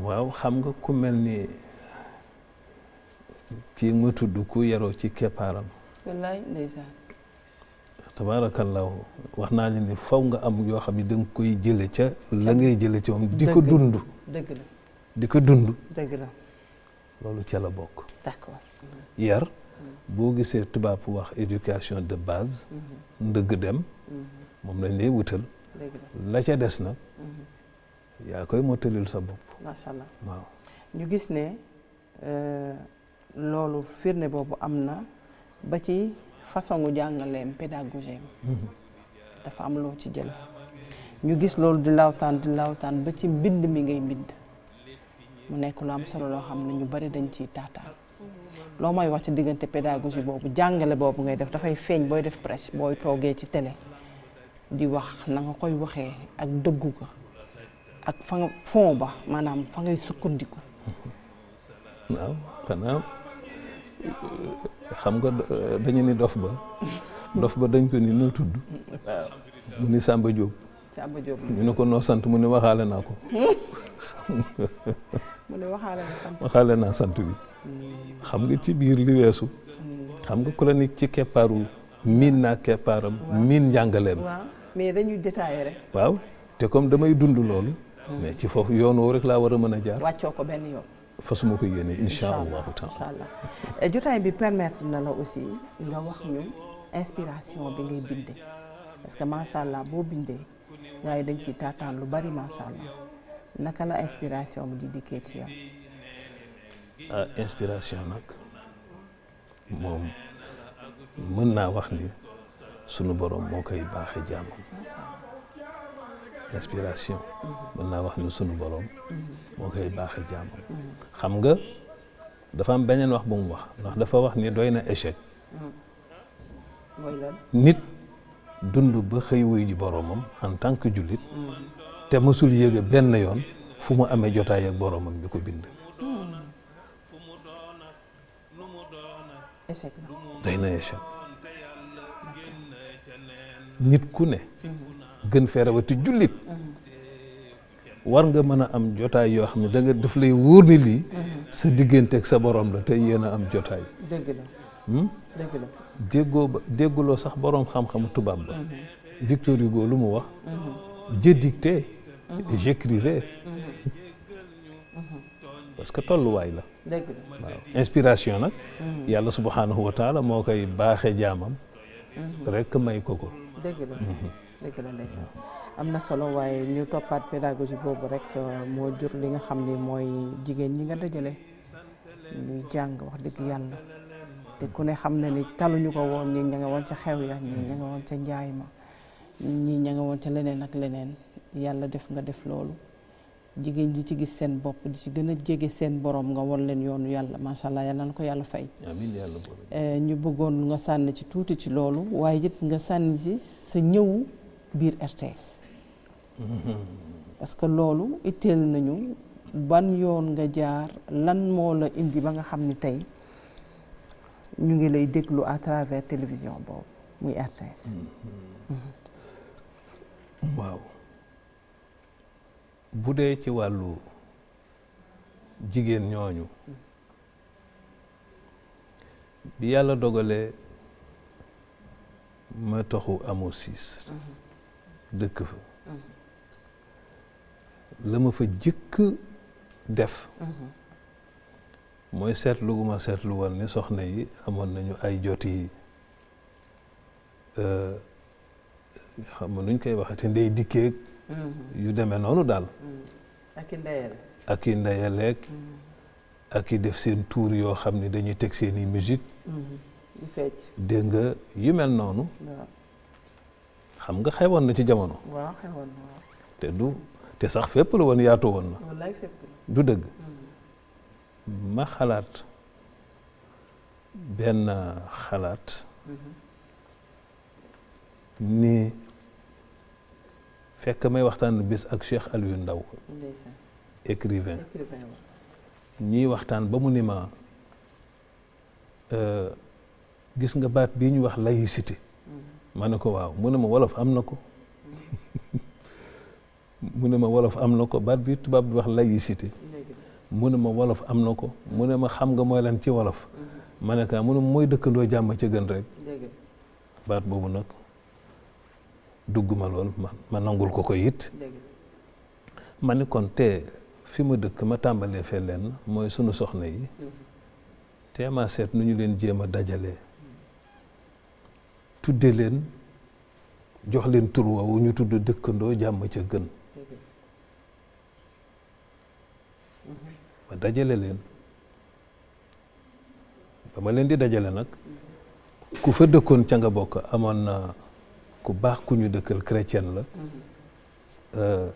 waaw xam nga ku mel ni kii nga tudd ku yaroo ci keppaaram wallaay ndeysaan wax naa ne ni faw nga am yoo xam ne da koy jële ca la ngay jële ca moom di ko dund di ko dund dëgg loolu ca la bokk d'accord yar mm-hmm. boo gisee tubaab wax éducation de base mm-hmm. ndëgg dem mm-hmm. moom lañ lay wutal la ca des nag mhm. yaa koy mottalil sa bopp macha allah waaw ñu gis ne euh, loolu firnde boobu am na ba ci façon gu jàngaleem pédagogie mhm. dafa am loo ci jël ñu gis loolu di lawtaan di lawtaan ba ci mbind mi ngay mbind mu nekk lu am solo loo xam ne ñu bari dañ ciy taataan loo mooy wax ci diggante pédagogie boobu jàngale boobu ngay def dafay feeñ booy def presse booy toogee ci télé di wax na koy waxee ak dëggu ga ak fa nga ba maanaam fa ngay sukkandiku. waaw xanaa xam nga dañu ni dof ba. dof ba dañ ko ni noo tudd. waaw mu ni Samba Diop. Samba Diop ko noo sant mu ni waxaale naa ko. ne waxaale naa sant waxaale naa sant bi. xam nga ci biir li weesu. Mm. xam nga ku ci keppaaru miin naa keppaaram miin njàngaleem. mais dañuy détaillé rek. waaw te comme damay dund loolu. mais ci foofu yoon woo rek laa war a mën a jaar. wàccoo ko benn yoon. fasuma ko yéene incha allahu taala jotaay bi permettre na la aussi nga wax ñu inspiration bi ngay bindee parce que macha allah boo bindee gars yi dañ ciy taataan lu bari macha allah naka la inspiration bi di dikkee ci yow. ah inspiration nag moom mën naa wax ni sunu borom moo koy baaxee jaamam. inspiration mhm. mën naa wax ne sunu boroom mhm. moo koy baaxe jàmm mhm. xam nga dafa am beneen wax bu mu wax ndax dafa wax ni doy na échec nit dund ba xëy wuy ji boroomam en tant que jullit te mësul yëge benn yoon fu mu amee jotaay ak boroomam bi ko bind doy na échec nit ku ne gën fee rawati jullit war nga mën a am jotaay yoo xam ne da nga daf lay wóor ni lii sa diggante sa boroom la te yéen a am jotaay dëgg hmm? déggoo ba dégguloo sax boroom xam-xamu tubaab la hmm. Victor Hugo lu mu wax hmm. je dictais j'écrivais parce que tolluwaay la waaw inspiration nag yàlla subhanahu wa moo koy baaxe jaamam rekk may ko ko dëgg am na solo waaye ñu toppaat pédagogie boobu rek euh, moo jur li nga xam ni mooy jigéen ñi nga dajale ñuy jàng wax dëgg yàlla te ku ne xam na ni taluñu ko woon ñi ña nga woon ca xew ya ñi ña nga woon ca njaay ma ñii ña nga leneen ak leneen yàlla def nga def loolu jigéen ji ci gis seen bopp di ci gën a jege seen borom nga won leen yoonu yàlla macha allah yàlla na ko yàlla fay. amiin euh, ñu bëggoon nga sànni ci tuuti ci loolu waaye it nga sànni ci sa ñëw. biir RTS. parce que loolu itteel nañu ban yoon nga jaar lan moo la indi ba nga xam ni tey ñu ngi lay déglu à travers télévision boobu muy RTS. waaw bu dee ci wàllu jigéen ñooñu bi yàlla dogalee ma taxu amoo siis dëkk fa la ma fa jëkk def mooy seetlu gu ma seetlu woon ni soxna yi amoon nañu ay joti euh, xam nga nuñ koy waxati ndey dikkeeg yu demee noonu daal ak i ndeyale ak i def seen tuur yoo xam ne dañuy teg seeni i musique dégg yu mel noonu xam nga xewoon na ci jamono. waaw te du te sax fépp la woon yaatu woon na. du dëgg. Mm-hmm. ma xalaat benn xalaat. Mm-hmm. ni fekk may waxtaan bis ak Cheikh Aliou Ndao écrivain ñuy waxtaan ba mu ni ma euh, gis nga baat bii ñu wax laïcité. ma ne ko waaw mu ne ma wolof am na ko mu ne ma wolof am na ko baat bi tubaab di wax laïcité mu ne ma wolof am na ko mu ne ma xam nga mooy ci wolof ma ne ko ah, mu ne mooy dëkkandoo jàmm ca gën rek baat boobu nag dugg ma lool ma ma nangul ko ko yit ma ne kon te fi ma dëkk ma tàmbalee fee leen mooy sunu soxna yi te ma seet nu ñu leen jéem a dajalee tudde leen jox leen tur woowu ñu tudd dëkkandoo jàmm ca gën ma dajale leen dama leen di dajale nag ku fa dëkkoon ca nga bokk amoon na ku baax ku ñu dëkkal chrétien la eh,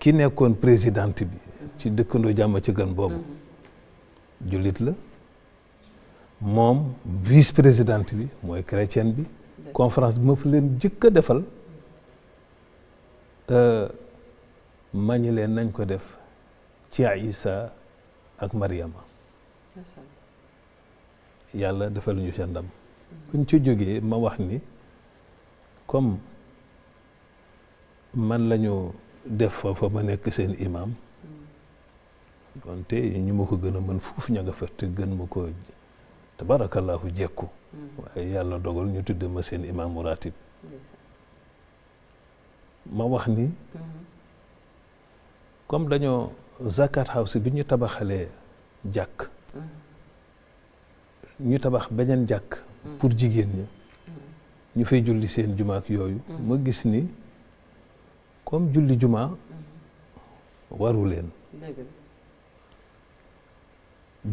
ki nekkoon président bi ci dëkkandoo jàmm ca gën boobu mm-hmm. jullit la moom vice présidente bi mooy chrétienne bi confrance bi ma fi leen jëkk a defal euh, ma ñi leen nañ ko def ci Isa ak Mariama yàlla defal ñu seen ndam buñ ci jógee ma wax ni comme man lañu def foofa ma nekk seen imam wante hmm. ñu ma ko gën a mën fuuf ña nga te gën ma ko tabarakallahu jekku mm-hmm. waaye yàlla dogal ñu tudde ma seen imaamu ratib ma wax ni mm-hmm. comme dañoo zakat house bi ñu tabaxalee jàkk mm-hmm. ñu tabax beneen jàkk pour jigéen ñi ñu fay julli seen jumaak yooyu ma gis ni comme julli jumaa waru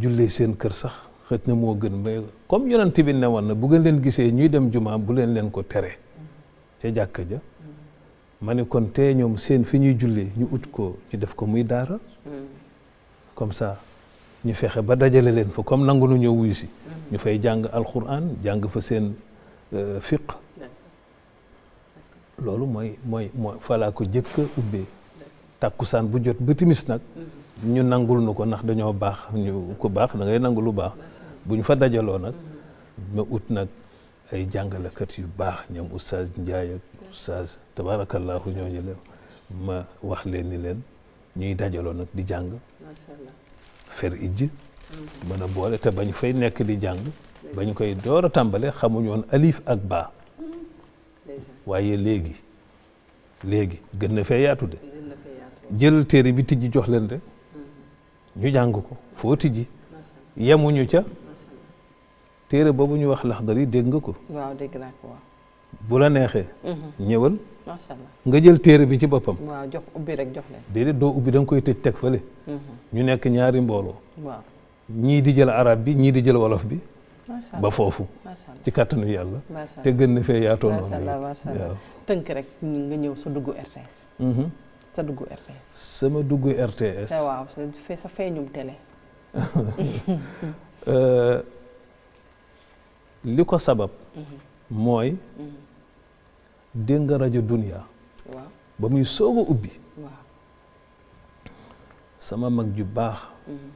jullee seen kër sax xëj na moo gën mais comme yonent bi ne woon na bu ngeen leen gisee ñuy dem jumaa bu leen leen ko tere ca jàkka ja ma ne kon tee ñoom seen fi ñuy jullee ñu ut ko ñu def ko muy daara comme ça ñu fexe ba dajale leen fa comme nangu nu ñëw wuyu ñu fay jàng alxuraan jàng fa seen euh, fiq loolu mooy mooy mooy falaa ko jëkk ubbee tàkkusaan bu jot ba timis nag ñu nangul nu ko ndax dañoo baax ñu ku baax da ngay nangu lu baax bu ñu fa dajaloo nag ma ut nag ay jàngalekat yu baax ñoom oustaz Ndiaye ak oustaz tabaarakallaahu ñooñu leen ma wax leen ni leen ñuy dajaloo nag di jàng fer ijj mm-hmm. mën a boole te bañ fay nekk di jàng bañ koy door a tàmbale xamuñu woon alif ak baa mm-hmm. waaye léegi léegi gën na fee yaatu de jël téere bi tijji jox leen rek ñu jàng ko footi ji yemuñu ca téere boobu ñu wax Laxdari dégg nga ko. dégg naa ko bu la neexee. Mhm. ñëwal. macha allah nga jël téere bi ci boppam. jox ubbi rek jox leen. déedéet doo ubbi da koy tëj teg fële. Mhm. ñu nekk ñaari mbooloo. ñii di jël arab bi ñii di jël wolof bi. ba foofu. ci kàttanu yàlla. te gën na fee yaatoo noonu. nga ñëw su dugg RTS. Mhm. sa dugg RTS. sama dugg RTS. sa waaw sa feeñum eh, li ko sabab. Mhm. mooy. Mhm. dégg nga rajo Dunia. waaw ba muy soog a ubbi. sama mag ju baax. Mhm.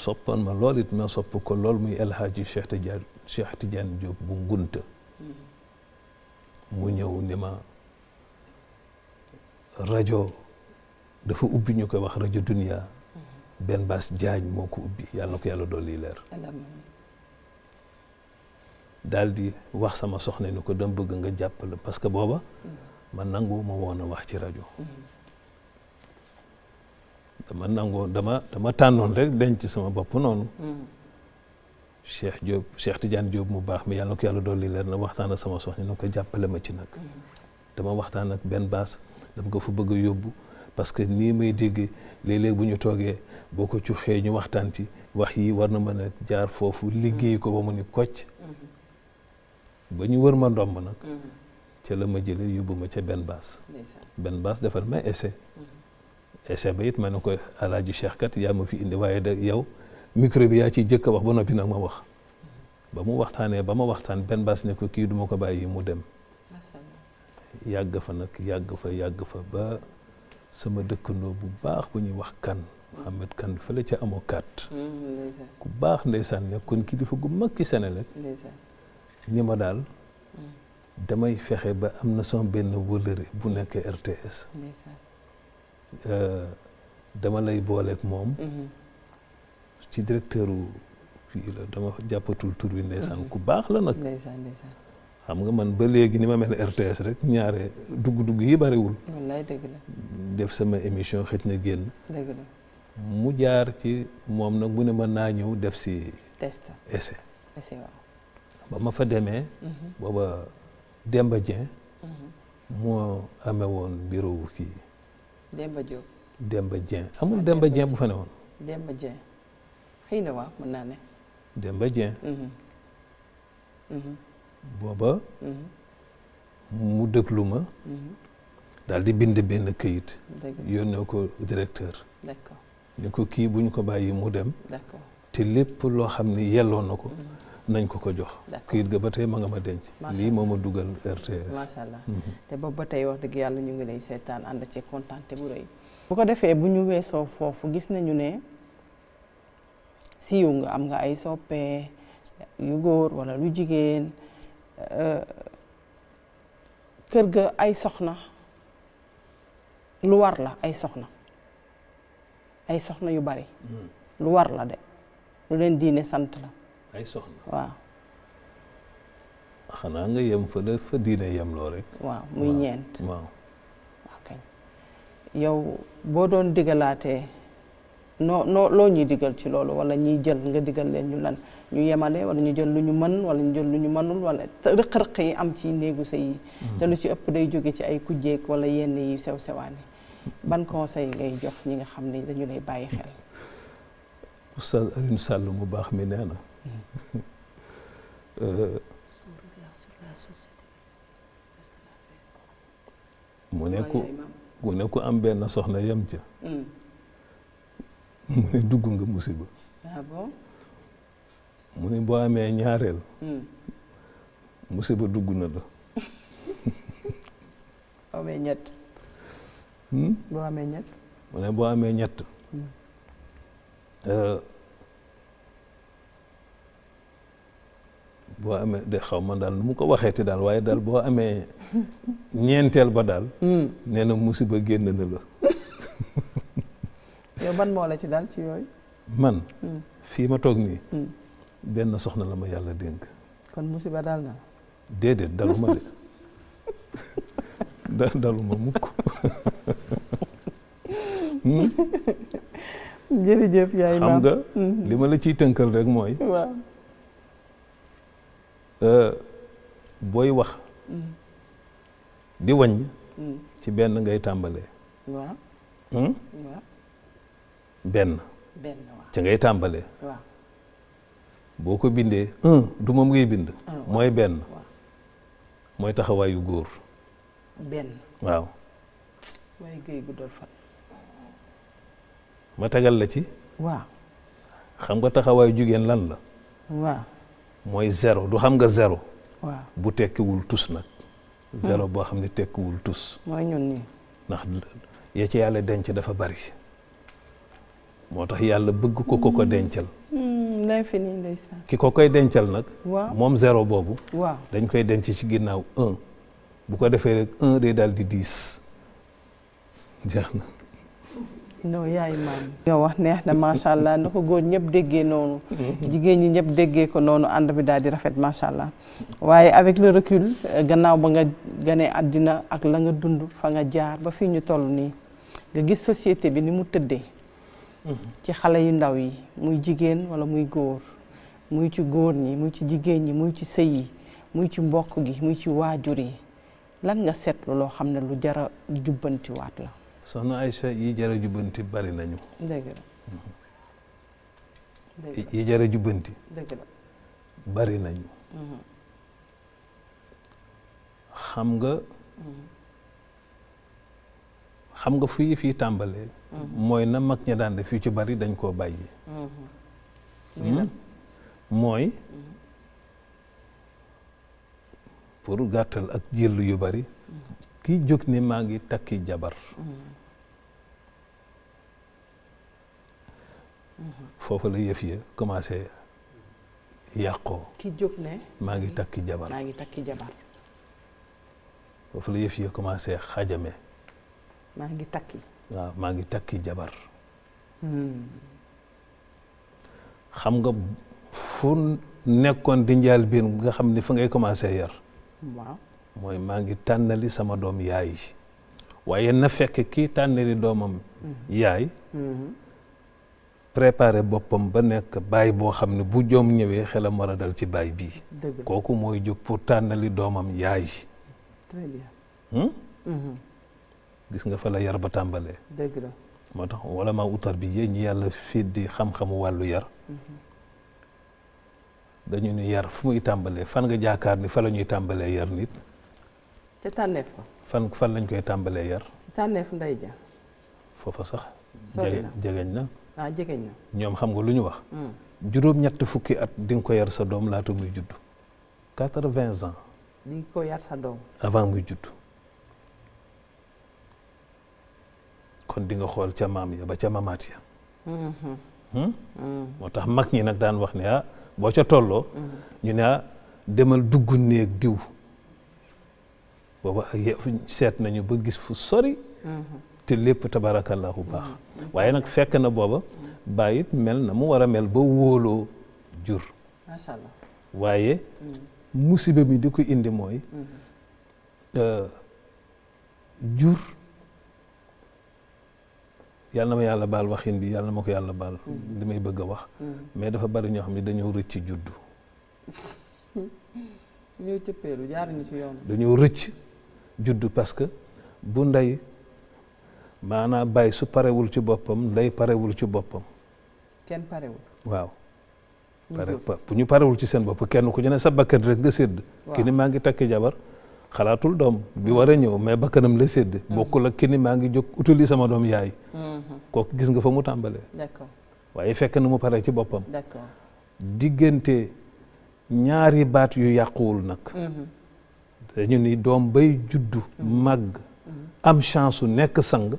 soppan ma lool it ma sopp ko lool muy El Hadji Cheikh Tidiane Cheikh Tidiane Diop bu Ngunta. mu ñëw ni ma. rajo dafa ubbi ñu koy wax rajo dunia mhm. benn baas jaañ moo ko ubbi yàlla ko yàlla dolli leer daal di wax sama soxna ni ko dama bëgg nga jàppale parce que booba mhm. man nanguwuma woon a wax ci rajo mhm. dama nangoo dama dama tànnoon rek denc sama bopp noonu Cheikh Diop Cheikh Tidiane Diop mu baax mi yàlla na ko yàlla dolli leer na waxtaan ak sama soxna ni ko jàppale ma ci nag ma waxtaan ak benn baas dama ko fa bëgg a yóbbu parce que nii may dégg léeg-léeg bu ñu toogee boo ko cuxee ñu waxtaan ci wax yi war na mën a jaar foofu liggéey ko ba mu ni kocc mm-hmm. ba ñu wër ma ndomb nag mm-hmm. ca la ma jëlee yóbbu ma ca benn baas benn baas defal ma essai mm-hmm. essai ba it ma ne ko alaaji Cheikh kat yaa ma fi indi waaye da yow micro bi yaa ciy jëkk a wax ba noppi nag ma wax ba mu waxtaanee ba ma waxtaan benn baas ne ko kii duma ko bàyyi mu dem yàgg fa nag yàgg fa yàgg fa ba sama dëkkandoo bu baax bu ñuy wax kan Mouhamed kan fële ci amoo kaat ku baax ndeysaan nekkoon kilifa gu mag ci Senelec ni ma daal mm. damay fexe ba am na sama benn wëllëre bu nekk RTS euh, dama lay booleek moom mm-hmm. ci directeur u fii la dama jàppatul tur bi ndeysaan mm-hmm. ku baax la nag ndeysaan ndeysaan xam nga man ba léegi ni ma mel RTS rek ñaare dugg-dugg yi bariwul. wallaay def sama émission xet na génn. mu jaar ci moom na mu ne ma naa ñëw def si. test essai. ba ma fa demee. Mhm. booba Demba Dieng. Mhm. moo amee woon bureau kii. Demba Diop. Demba ah, amul Demba Dieng bu fa ne woon. Demba Dieng xëy na naa ne. Demba Dieng. Mhm. booba mm-hmm. mu déglu ma mm-hmm. daal di bind benn kayit këyit yónnee ko directeur d'accord ko kii bu ñu ko bàyyi mu dem d'accord te lépp loo xam ne yelloo na ko mm-hmm. nañ ko ko jox kayit ga ba tey ma nga ma denc lii moo ma dugal RTS macha allah te boobu ba tey wax dëgg yàlla ñu ngi lay seetaan ànd ci kontaan te bu rëy bu ko defee bu ñu weesoo foofu gis nañu ne siiw nga am nga ay soppe yu góor wala lu jigéen kër ga ay soxna lu war la ay soxna ay soxna yu bari hmm. lu war la de lu leen diine sant la ay soxna waaw xanaa nga yem fa la diine yem loo rek waaw muy ñeent waaw kañ yow boo doon digalaatee noo noo loo ñuy digal ci loolu wala ñiy jël nga digal leen ñu lan ñu yemale wala ñu jël lu ñu mën wala ñu jël lu ñu mënul wala rëq-rëq yi am ci néegu sëy yi mm-hmm. te lu ci ëpp day jóge ci ay kujjeek wala yenn yi sew sewaan yi mm-hmm. ban conseil ngay jox ñi nga xam ne dañu lay bàyyi xel oustaz mu baax mi nee na mm-hmm. mu ne ku mu ku am benn soxna yem ca mm. mu ne dugg nga musiba. ah mu ne boo amee ñaareel. Hmm. musiba dugg na la. amee ñett. Hmm? boo amee mu ne boo amee ñett. Hmm. Euh, boo amee de xaw ma daal nu mu ko waxeeti daal waaye daal boo amee ñeenteel ba daal. nee na musiba génn na la. yow ban moo la ci daal ci yooyu. man. Hmm. fii ma toog nii. Hmm. benn soxna la ma yàlla dénk. kon musiba daal na. déedéet daluma de da daluma mukk. Hmm? jërëjëf yaay xam nga li ma la ciy tënkal rek mooy. waaw. Euh, booy wax. di waññ. ci benn ngay tàmbalee. waaw. waaw. benn. ci ngay tàmbalee. boo ko bindee un mm. du moom ngay bind. Ah, mooy benn. mooy taxawaayu góor. benn waaw. waaye ma tegal la ci. waaw. xam nga taxawaayu jigéen lan la. mooy zéro du xam nga zéro. bu tekkiwul tus nag. zéro hmm. boo xam ne tekkiwul tus. mooy ñun nii. ndax ya ci yàlla denc dafa bari. moo tax yàlla bëgg ko ko ko dencal. l'infini hmm, ki ko koy dencal nag. waaw moom zéro boobu. waaw dañ koy denc ci ginnaaw bu ko defee rek un day daal di dix jeex na. non yaay maam. nga wax neex na macha allah na ko góor ñëpp déggee noonu. Mm-hmm. jigéen ñi ñëpp déggee ko noonu ànd bi daal di rafet macha allah. waaye avec le recul gannaaw ba nga ganee àddina ak la nga dund fa nga jaar ba fi ñu toll nii nga gis société bi ni mu tëddee. ci xale yu ndaw yi muy jigéen wala muy góor muy ci góor ñi muy ci jigéen ñi muy ci sëy yi muy ci mbokk gi muy ci waajur yi lan nga seetlu loo xam ne lu jara jubbantiwaat la soxna Aïcha yi jara jubbanti bari nañu dëgg la mhm. yi jara jubbanti bari nañu mhm. xam nga mhm. xam nga fu yi tàmbalee Moy na mag ña daan def yu ci bari dañ koo bàyyi moy mm-hmm. mm-hmm. hmm? pour gattal ak jëllu yu bari ki jog ne maa ngi takki jabar mm-hmm. fofu la yef ye ya commencé Yakko. ki jog ne maa ngi takki jabar maa ngi takki jabar fofu la yef ye ya commencé xajame maa takki waaw maa ngi takki jabar hmm. xam nga fu nekkoon di njaal biir nga xam ni fa ngay commencé yar mooy maa ngi tànnali sama doom yaay waaye na fekk kii tànnali doomam hmm. yaay hmm. préparé boppam ba nekk baay boo xam ne bu jom ñëwee xelam war a dal ci baay bii kooku mooy jóg pour tànnali doomam yaay gis nga fa la yar ba tàmbalee. dëgg moo tax wala maa utar bi yéen ñi yàlla fii di xam-xamu wàllu yar. Mhm. dañu ni yar fu muy tàmbalee fan nga jaakaar ni fa la ñuy tàmbalee yar nit. te fan lañ koy tàmbalee yar. tànneef nday foofa sax. sori na ah, jegeñ na. ñoom xam nga lu ñu wax. Mm. juróom-ñett fukki at di nga ko yar sa doom laata muy judd. quatre vingt ans. di nga ko yar sa doom. avant muy judd. kon di nga xool ca maam ya ba ca mamaat ya mm-hmm. Hmm? Mm-hmm. moo tax mag ñi nag daan wax ne ah boo ca tolloo mm-hmm. ñu ne ah demal dugg néeg diw booba seet nañu ba gis fu sori te lépp tabarakallahu baax waaye nag fekk na booba bàyyit mel na mu war a mel ba wóoloo jur waaye musiba mi di ko indi mooy euh, jur yalla na ma yàlla baal waxin bi yalla na yalla bal limay baal bëgg wax mais dafa bari ño xamni dañu dañoo rëcc juddu ñoo jaar ñu ci yoon dañu rëcc juddu parce que bu nday mana bay su parewul ci boppam ndey parewul ci boppam kenn parewul waaw paré pa bu ñu parewul ci seen bop kèn ku ñu sa bakkat rek nga sedd kini ma ngi takk jabar xalaatul doom bi war a ñëw mais bakkanam la sédd mm-hmm. bokkul ak kenn maa ngi jóg utili sama doom yaay mm-hmm. kooku gis nga fa mu tàmbalee d'accord waaye fekk na mu pare ci boppam d'accord diggante ñaari baat yu yàquwul nag mm-hmm. dañu ni doom bay juddu màgg am chance su nekk sang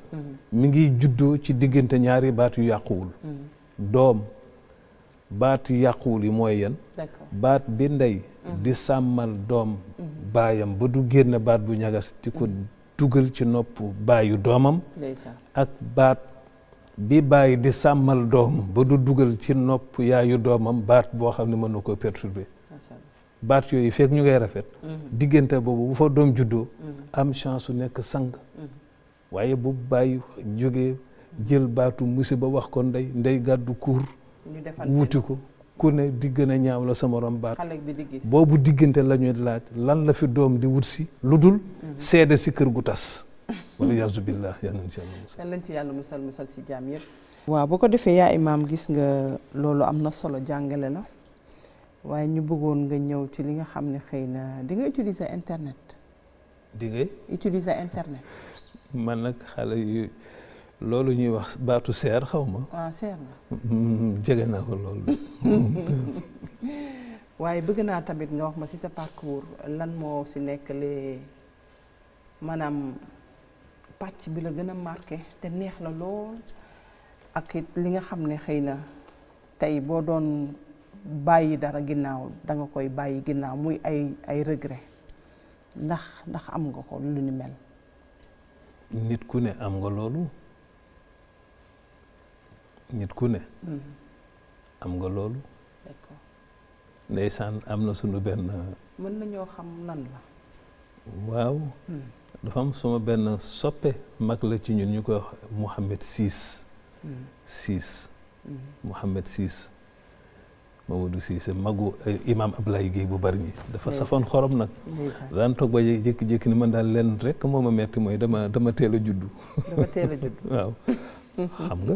mu ngi juddoo ci diggante ñaari baat yu yàquwul doom baat yu yàquwul yi mooy yan baat bi ndey di sàmmal doom baayam ba du génn baat bu ñagas ti ko dugal ci nopp baayu doomam ak baat bi bàyyi di sàmmal doom ba du dugal ci nopp yaayu doomam baat boo xam ne mën na koo perturber baat yooyu fekk ñu ngay rafet mhm. diggante boobu bu fa doom juddoo mhm. am chance su nekk sang mhm. waaye bu bàyyi jóge jël baatu ba wax ko ndey ndey gàddu kuur wuti ko ku ne digg gën a ñaaw la sama morom baat boobu diggante la ñuy laaj lan la fi doom di wut si lu dul mhm. seede si kër gu tas wala yaasu billah yal nañ ci yàlla musal yal nañ ci si jaam yëpp waaw bu ko defee yaa imaam gis nga loolu am na solo jàngale la waaye ñu bëggoon nga ñëw ci li nga xam ne xëy na di nga utiliser internet di nga utiliser internet man nag xale yu loolu ñuy wax baatu seer xaw ma. waaw seer mm-hmm. na. jege naa ko loolu. waaye bëgg naa tamit nga wax ma ci sa parcours lan moo si nekk les maanaam pàcc bi la gën a marqué te neex la lool ak it li nga xam ne xëy na tey boo doon bàyyi dara ginnaaw danga koy bàyyi ginnaaw muy ay ay regret ndax ndax am nga ko lu ni mel. nit ku ne am nga loolu. nit ku ne mm-hmm. am nga loolu ndeysaan am na sunu benn nañoo xam nan waaw mm. dafa am suma benn soppe mag la ci ñun ñu koy wax Mouhamed Siis Siis mm. mm-hmm. Mouhamed Siis Mamadou Cissé magu eh, imam Ablaye géey bu bari ñi dafa safoon xorom nag daan toog ba jékki-jékki ni man daal leen rek moo ma metti mooy dama dama teel a juddu dama mm-hmm. xam nga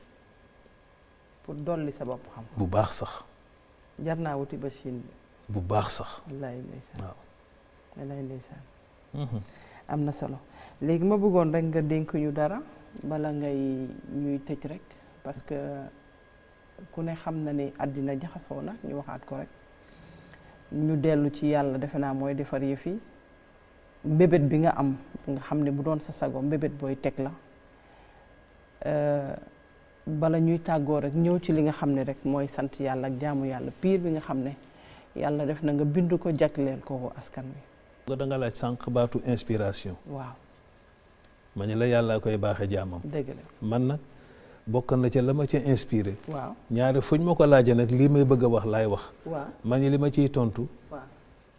pour dolli sa bop xam bu baax sax jarna wuti ba bu baax sax wallahi ndeysaan waaw wallahi ndeysaan mhm. am amna solo legui ma bëggoon rek nga denk ñu dara bala ngay ñuy tecc rek parce que ku ne xam na ni adina jaxaso na ñu waxat ko rek ñu delu ci yalla defena moy defar mbébét bi nga am nga xam ne bu doon sa sago mbébét booy teg la euh, bala ñuy tàggoo rek ñëw ci li nga xam ne rek mooy sant yàlla ak jaamu yàlla piir bi nga xam ne yàlla def na nga bind ko jagleel ko askan wi. da nga laaj sànq baatu inspiration. waaw. ma ne la yàlla koy baaxe jaamam. dëgg la man nag bokk na ca la ma ca inspire waaw ñaari fuñ ma ko laajee nag lii may bëgg a wax laay wax. waaw ma li ma ciy tontu.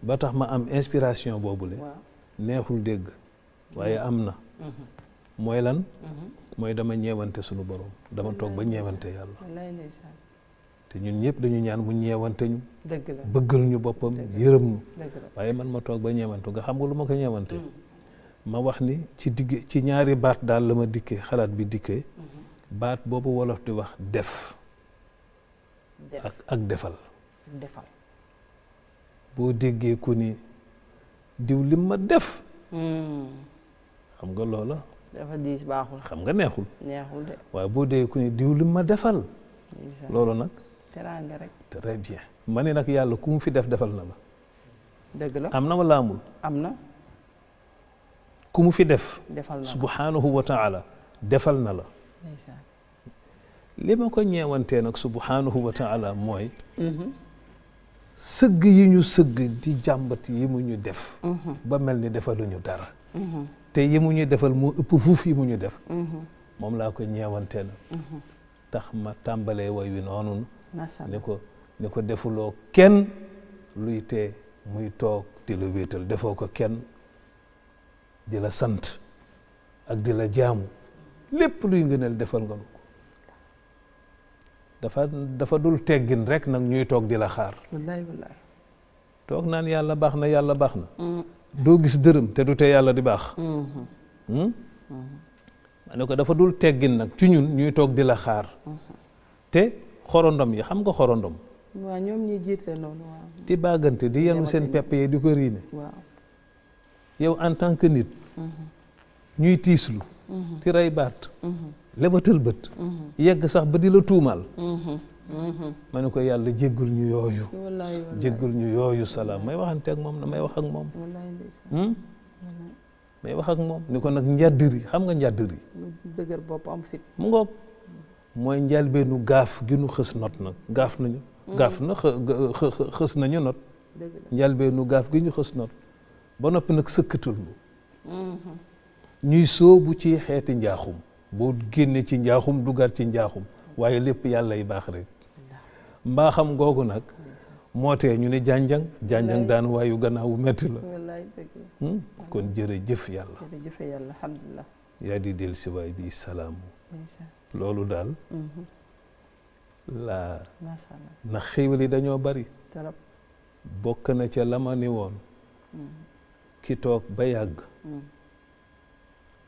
ba tax ma am inspiration boobu waaw neexul dégg waaye am na. Mhm. moy lan moy mhm. dama ñewante suñu borom dama tok ba ñeewante yàlla te ñun ñepp dañu ñaan mu ñewante ñu bëggal ñu bopam yërëm ñu waye man ma tok ba ñewante nga xam nga luma ko ñewante mm. ma wax ni ci digge ci ñaari baat daal lama dikke xalaat bi dikke mm-hmm. baat bobu wolof di wax def ak ak defal defal bo déggee ku ni diw lima def hmm xam nga loola dafa diis baaxul. xam nga neexul. neexul waaye boo dee ku diw li ma defal. loolu nag. teraanga rek. ma ne nag yàlla ku mu fi def defal na la. dëgg la am na wala am na. ku mu fi def. defal na la subhaanahu wa taala defal na la. li ma ko ñeewantee nag subhaanahu wa taala mooy. Mhm. sëgg yi ñu sëgg di jàmbat yi mu ñu def. Mhm. ba mel ni defaluñu dara. Mhm. te yi mu ñuy defal moo ëpp fuuf yi mu ñu def mhm. moom laa ko ñeewanteel mhm. tax ma tàmbalee woy wi noonu ni ko ni ko defuloo kenn luy tee muy toog di la wéetal defoo ko kenn di la sant ak di la jaamu lépp luy ngëneel defal nga nu ko dafa dafa dul teggin rek nag ñuy toog di la xaar tok nan yalla baxna yalla ya do gis deureum te du te yàlla di baax hmm ne ko dafa dul teggin nak ci ñun ñuy tok di la xaar te xorondom yi xam nga xorondom wa ñom ñi jité non wa di bagante di yanu sen pep yi di ko riine wa yow en tant que nit ñuy hmm ti ray baat hmm. lebatal hmm yegg sax ba di la hmm ma ne ko yàlla jéggul ñu yooyu jéggul ñu yooyu salaam may waxante ak moom damay wax ak moom may wax ak moom ni hmm? ko nag njàddiri xam nga njàddiri dëgër bopp am fit mu ngoog mooy njalbeenu gaaf gi nu xës not nag gaaf nañu hmm. gaaf na xës nañu not njalbeenu gaaf gi ñu xës not ba noppi nag sëkkatul nu hmm. ñuy soobu ci xeeti njaaxum boo génne ci njaaxum dugaat ci njaaxum waaye lépp yàlla yi baax rek mbaaxam googu nag moo tee ñu ne jànjang jànjang daan waayu gannaawu metti la hmm? kon jërëjëf yàlla jërëjëf yàlla alhamdulilah yaa di si waay bi salaam loolu daal mhm. laa na xéewal yi dañoo bari bokk na ca lamani woon mhm. ki toog ba yàgg mhm.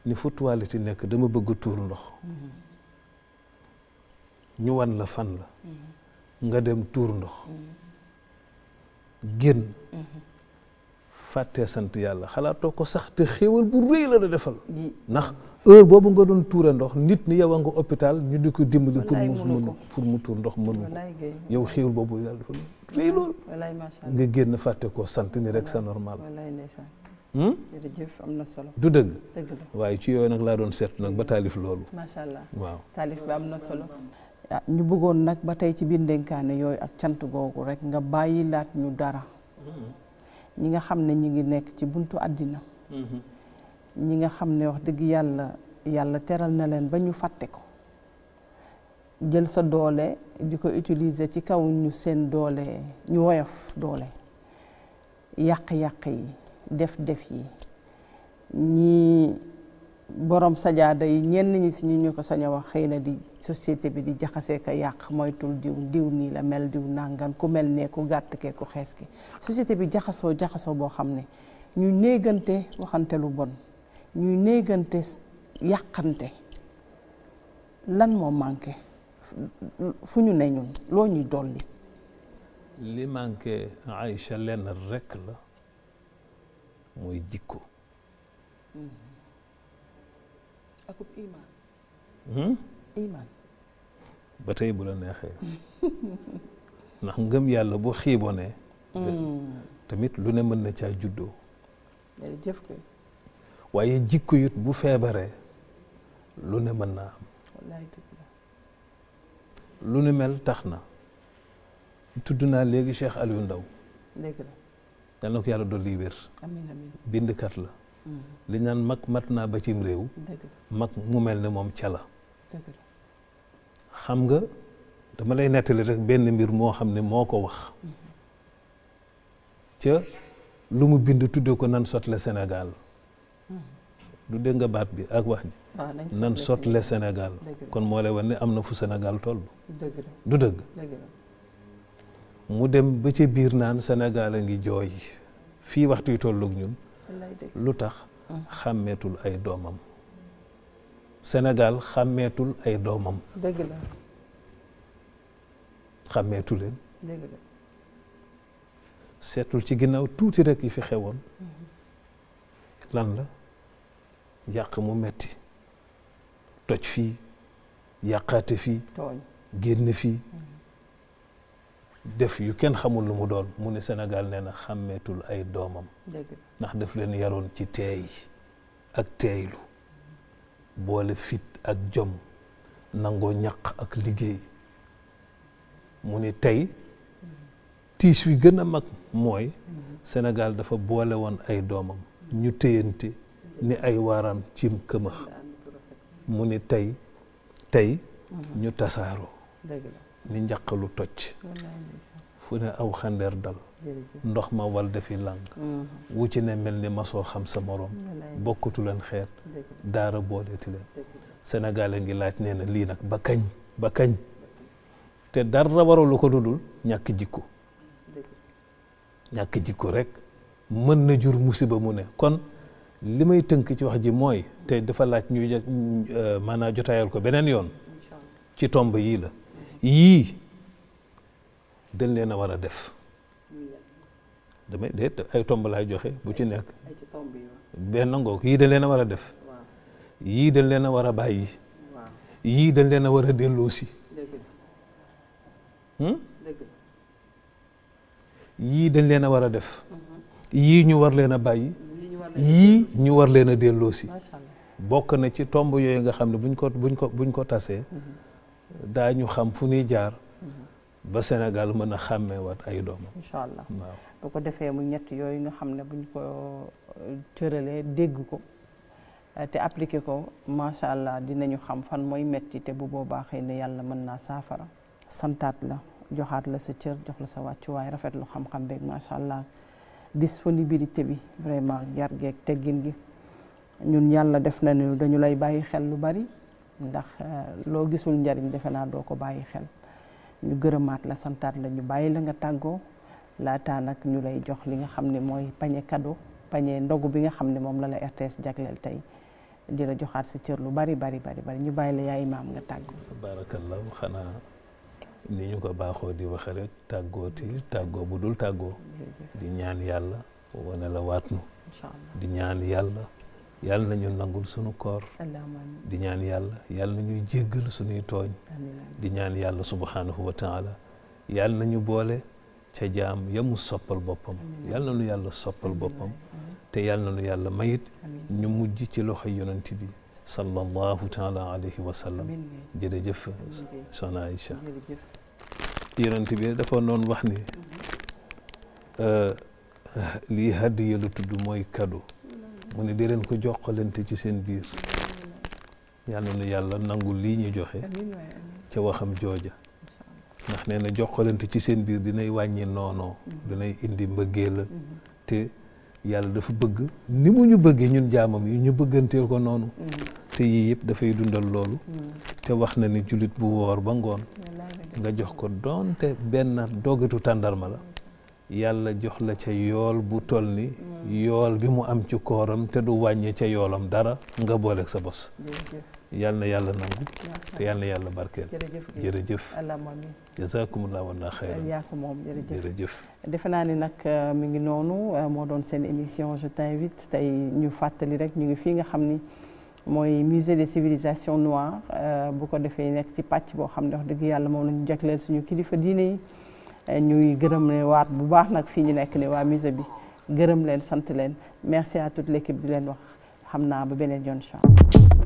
ni fu toilette nekk dama bëgg tuur ndox ñu wan la fan la nga dem tuur ndox génn fàttee sant yàlla xalaatoo ko sax te xéewal bu rëy la la defal ndax heure boobu nga doon tuure ndox nit ni yow a nga hôpital ñu di ko dimbali pour mu pour mu tuur ndox mënu ko yow xéewal boobu yàlla defal rëy loolu nga génn fàtte koo sant ni rek c'est normal hmm? jërëjëf am na solo. du dëgg. waaye ci yooyu nag laa doon seet nag ba taalif loolu. waaw Ah, ñu bëggoon nag ba tey ci biir ndénkaane yooyu ak cant googu rek nga bàyyi laat ñu dara mm-hmm. ñi nga xam ne ñu ngi nekk ci buntu àddina mm-hmm. ñi nga xam ne wax dëgg yàlla yàlla teral na leen ba ñu fàtte ko jël sa doole di ko utiliser ci kaw ñu seen doole ñu woyof doole yàq-yàq yi def-def yi ñi borom sajaada yi ñenn ñi si ñu ñu ko sañ a wax xëy na di société bi di jaxasee ko yàq moytul diw diw nii la mel diw nàngan ku mel ne ku gàtt kee ku xees ki société bi jaxasoo jaxasoo boo xam ne ñu néegante waxante lu bon ñuy néegante yàqante lan moo manqué fu ñu ne ñun loo ñuy dolli li manqué Aïcha lenn rekk la mooy jikko hmm. ba tey bu la neexee ndax ngëm yàlla bu xiibonee mm. tamit lu ne mën na caa juddoo jëf ko waaye jikko bu feebaree lu ne mën naa am lu ne mel tax na tudd naa léegi Cheikh Aliou Ndaw yal ko yàlla dolli wér bindkat la mm. li naan mag mat naa ba cim réew mag mu mel ne moom ca la xam nga dama lay nettali rek benn mbir moo xam ne moo ko wax ca lu mu bind tudde ko nan sotle Sénégal du dégg nga baat bi ak wax ji nan sotle Sénégal kon moo lay wan ne am na fu Sénégal toll du dëgg mu dem ba ca biir naan Sénégal a ngi jooy fii waxtu yu tollook ñun lu tax mm. xàmmeetul ay doomam Sénégal xàmmeetul ay doomam. dëgg la. xàmmeetu leen. dëgg la. seetul ci ginnaaw tuuti rek yi fi xewoon. lan la yàq mu metti toj fii yàqaate fii. génn fii. def yu kenn xamul lu mu doon mu ne Sénégal nee na xàmmeetul ay doomam. ndax def leen yaroon ci teey ak teeylu. boole fit ak jom nangoo ñaq ak liggéey mu ni tey tiis wi gën a mag mooy Sénégal dafa boole woon ay doomam ñu téyante ni ay waaraam cim këmax mu ni tey tey ñu tasaaroo ni njaqalu toj fu ne aw xandeer dal ndox ma wal dafi làng mm-hmm. wu ci ne mel ni ma soo xam sa morom bokkatu leen xeet daara booleeti leen Sénégal ngi laaj nee na lii nag ba kañ ba kañ te dara waralu ko dudul ñàkk jikko ñàkk jikko rek mën na jur musiba mu ne kon li may tënk ci wax ji mooy te dafa laaj ñu euh, maanaam jotaayal ko beneen yoon ci tomb yii la yii dañ leen a war a def damay ay tomb laay joxe bu ci nekk benn ngoog yii dañ leen a war a def yii dañ leen a war a bàyyi yii dañ leen a war a delloosi hmm? yii dañ leen a war a def mhm. yii ñu war leen a bàyyi yii ñu war leen a delloosi bokk na ci tomb yooyu nga xam ne buñ ko buñ ko buñ ko tasee mhm. daañu xam fu ñuy jaar mhm. ba senegal mën a xàmmeewaat ay doomam bu ko defee mu ñett yooyu nga xam ne bu ñu ko euh, tëralee dégg ko euh, te appliqué ko macha allah dinañu xam fan mooy metti te bu boobaa xëy ne yàlla mën naa saafara santaat la joxaat la sa cër jox la sa wàccuwaay rafet lu xam-xam beeg macha allah disponibilité bi vraiment jar yar geeg teggin gi ñun yàlla def nañu dañu lay bàyyi xel lu bari ndax euh, loo gisul njariñ defe naa doo ko bàyyi xel ñu gërëmaat la santaat la ñu bàyyi la nga tàggoo laataa nag ñu lay jox li nga xam ne mooy pañe cadeau pañe ndogu bi nga xam ne moom la la RTS jagleel tey di joxaat si cër lu bari bari bari bari ñu bàyyi la yaay imaam nga tàggu barakallahu xanaa ni ñu ko baaxoo di wax rek tàggooti tàggoo bu dul tàggoo di ñaan yàlla wane la waatnu di ñaan yàlla yàlla nañu nangul sunu koor di ñaan yàlla yàlla nañuy jéggal sunuy tooñ di ñaan yàlla subhanahu wa taala yàlla nañu boole ca jaam ya mu soppal boppam yàlla na nu yàlla soppal boppam te yàlla na nu yàlla mayit ñu mujj ci loxo yonent bi sallallahu taala alayhi wa sallam jërëjëf soxna bi dafa noon wax ni mhm. euh, lii hadiya la tudd mooy cadeau mu ne di leen ko joxalante ci seen biir yàlla na nu yàlla nangul lii ñu joxe ca waxam jooja ndax nee na jokkalante ci seen biir dinay wàññi noonoo mm-hmm. dinay indi mbëggee la mm-hmm. te yàlla dafa bëgg ni mu ñu bëggee ñun jaamam yi ñu bëggantee ko noonu mm-hmm. te yii yëpp dafay dundal loolu te wax na ni jullit bu woor ba ngoon nga jox ko doonte benn doggatu tàndarma la yàlla jox la ca yool bu toll ni yool bi mu am ci kooram te du wàññi ca yoolam dara nga booleeg sa bos yàlla na yàlla nangu te yàlla yàlla barkeel jërëjëf jazakumullahu wa khairan yaa ko moom jërëjëf jërëjëf defe naa euh, mi ngi nonu euh, mo doon sen émission je t'invite tay ñu fatali rek ñu ngi fi nga xamni moy musée des civilisations noires euh, bu ko defé nek ci patch bo xam ne wax dëgg yàlla moom lañu jagleel suñu kilifa diiné ñuy gëreum ne waat bu baax nak fi ñu nekk ni wa musée bi gëreum leen sant leen merci à toute l'équipe di leen wax xamna naa ba beneen yoon incha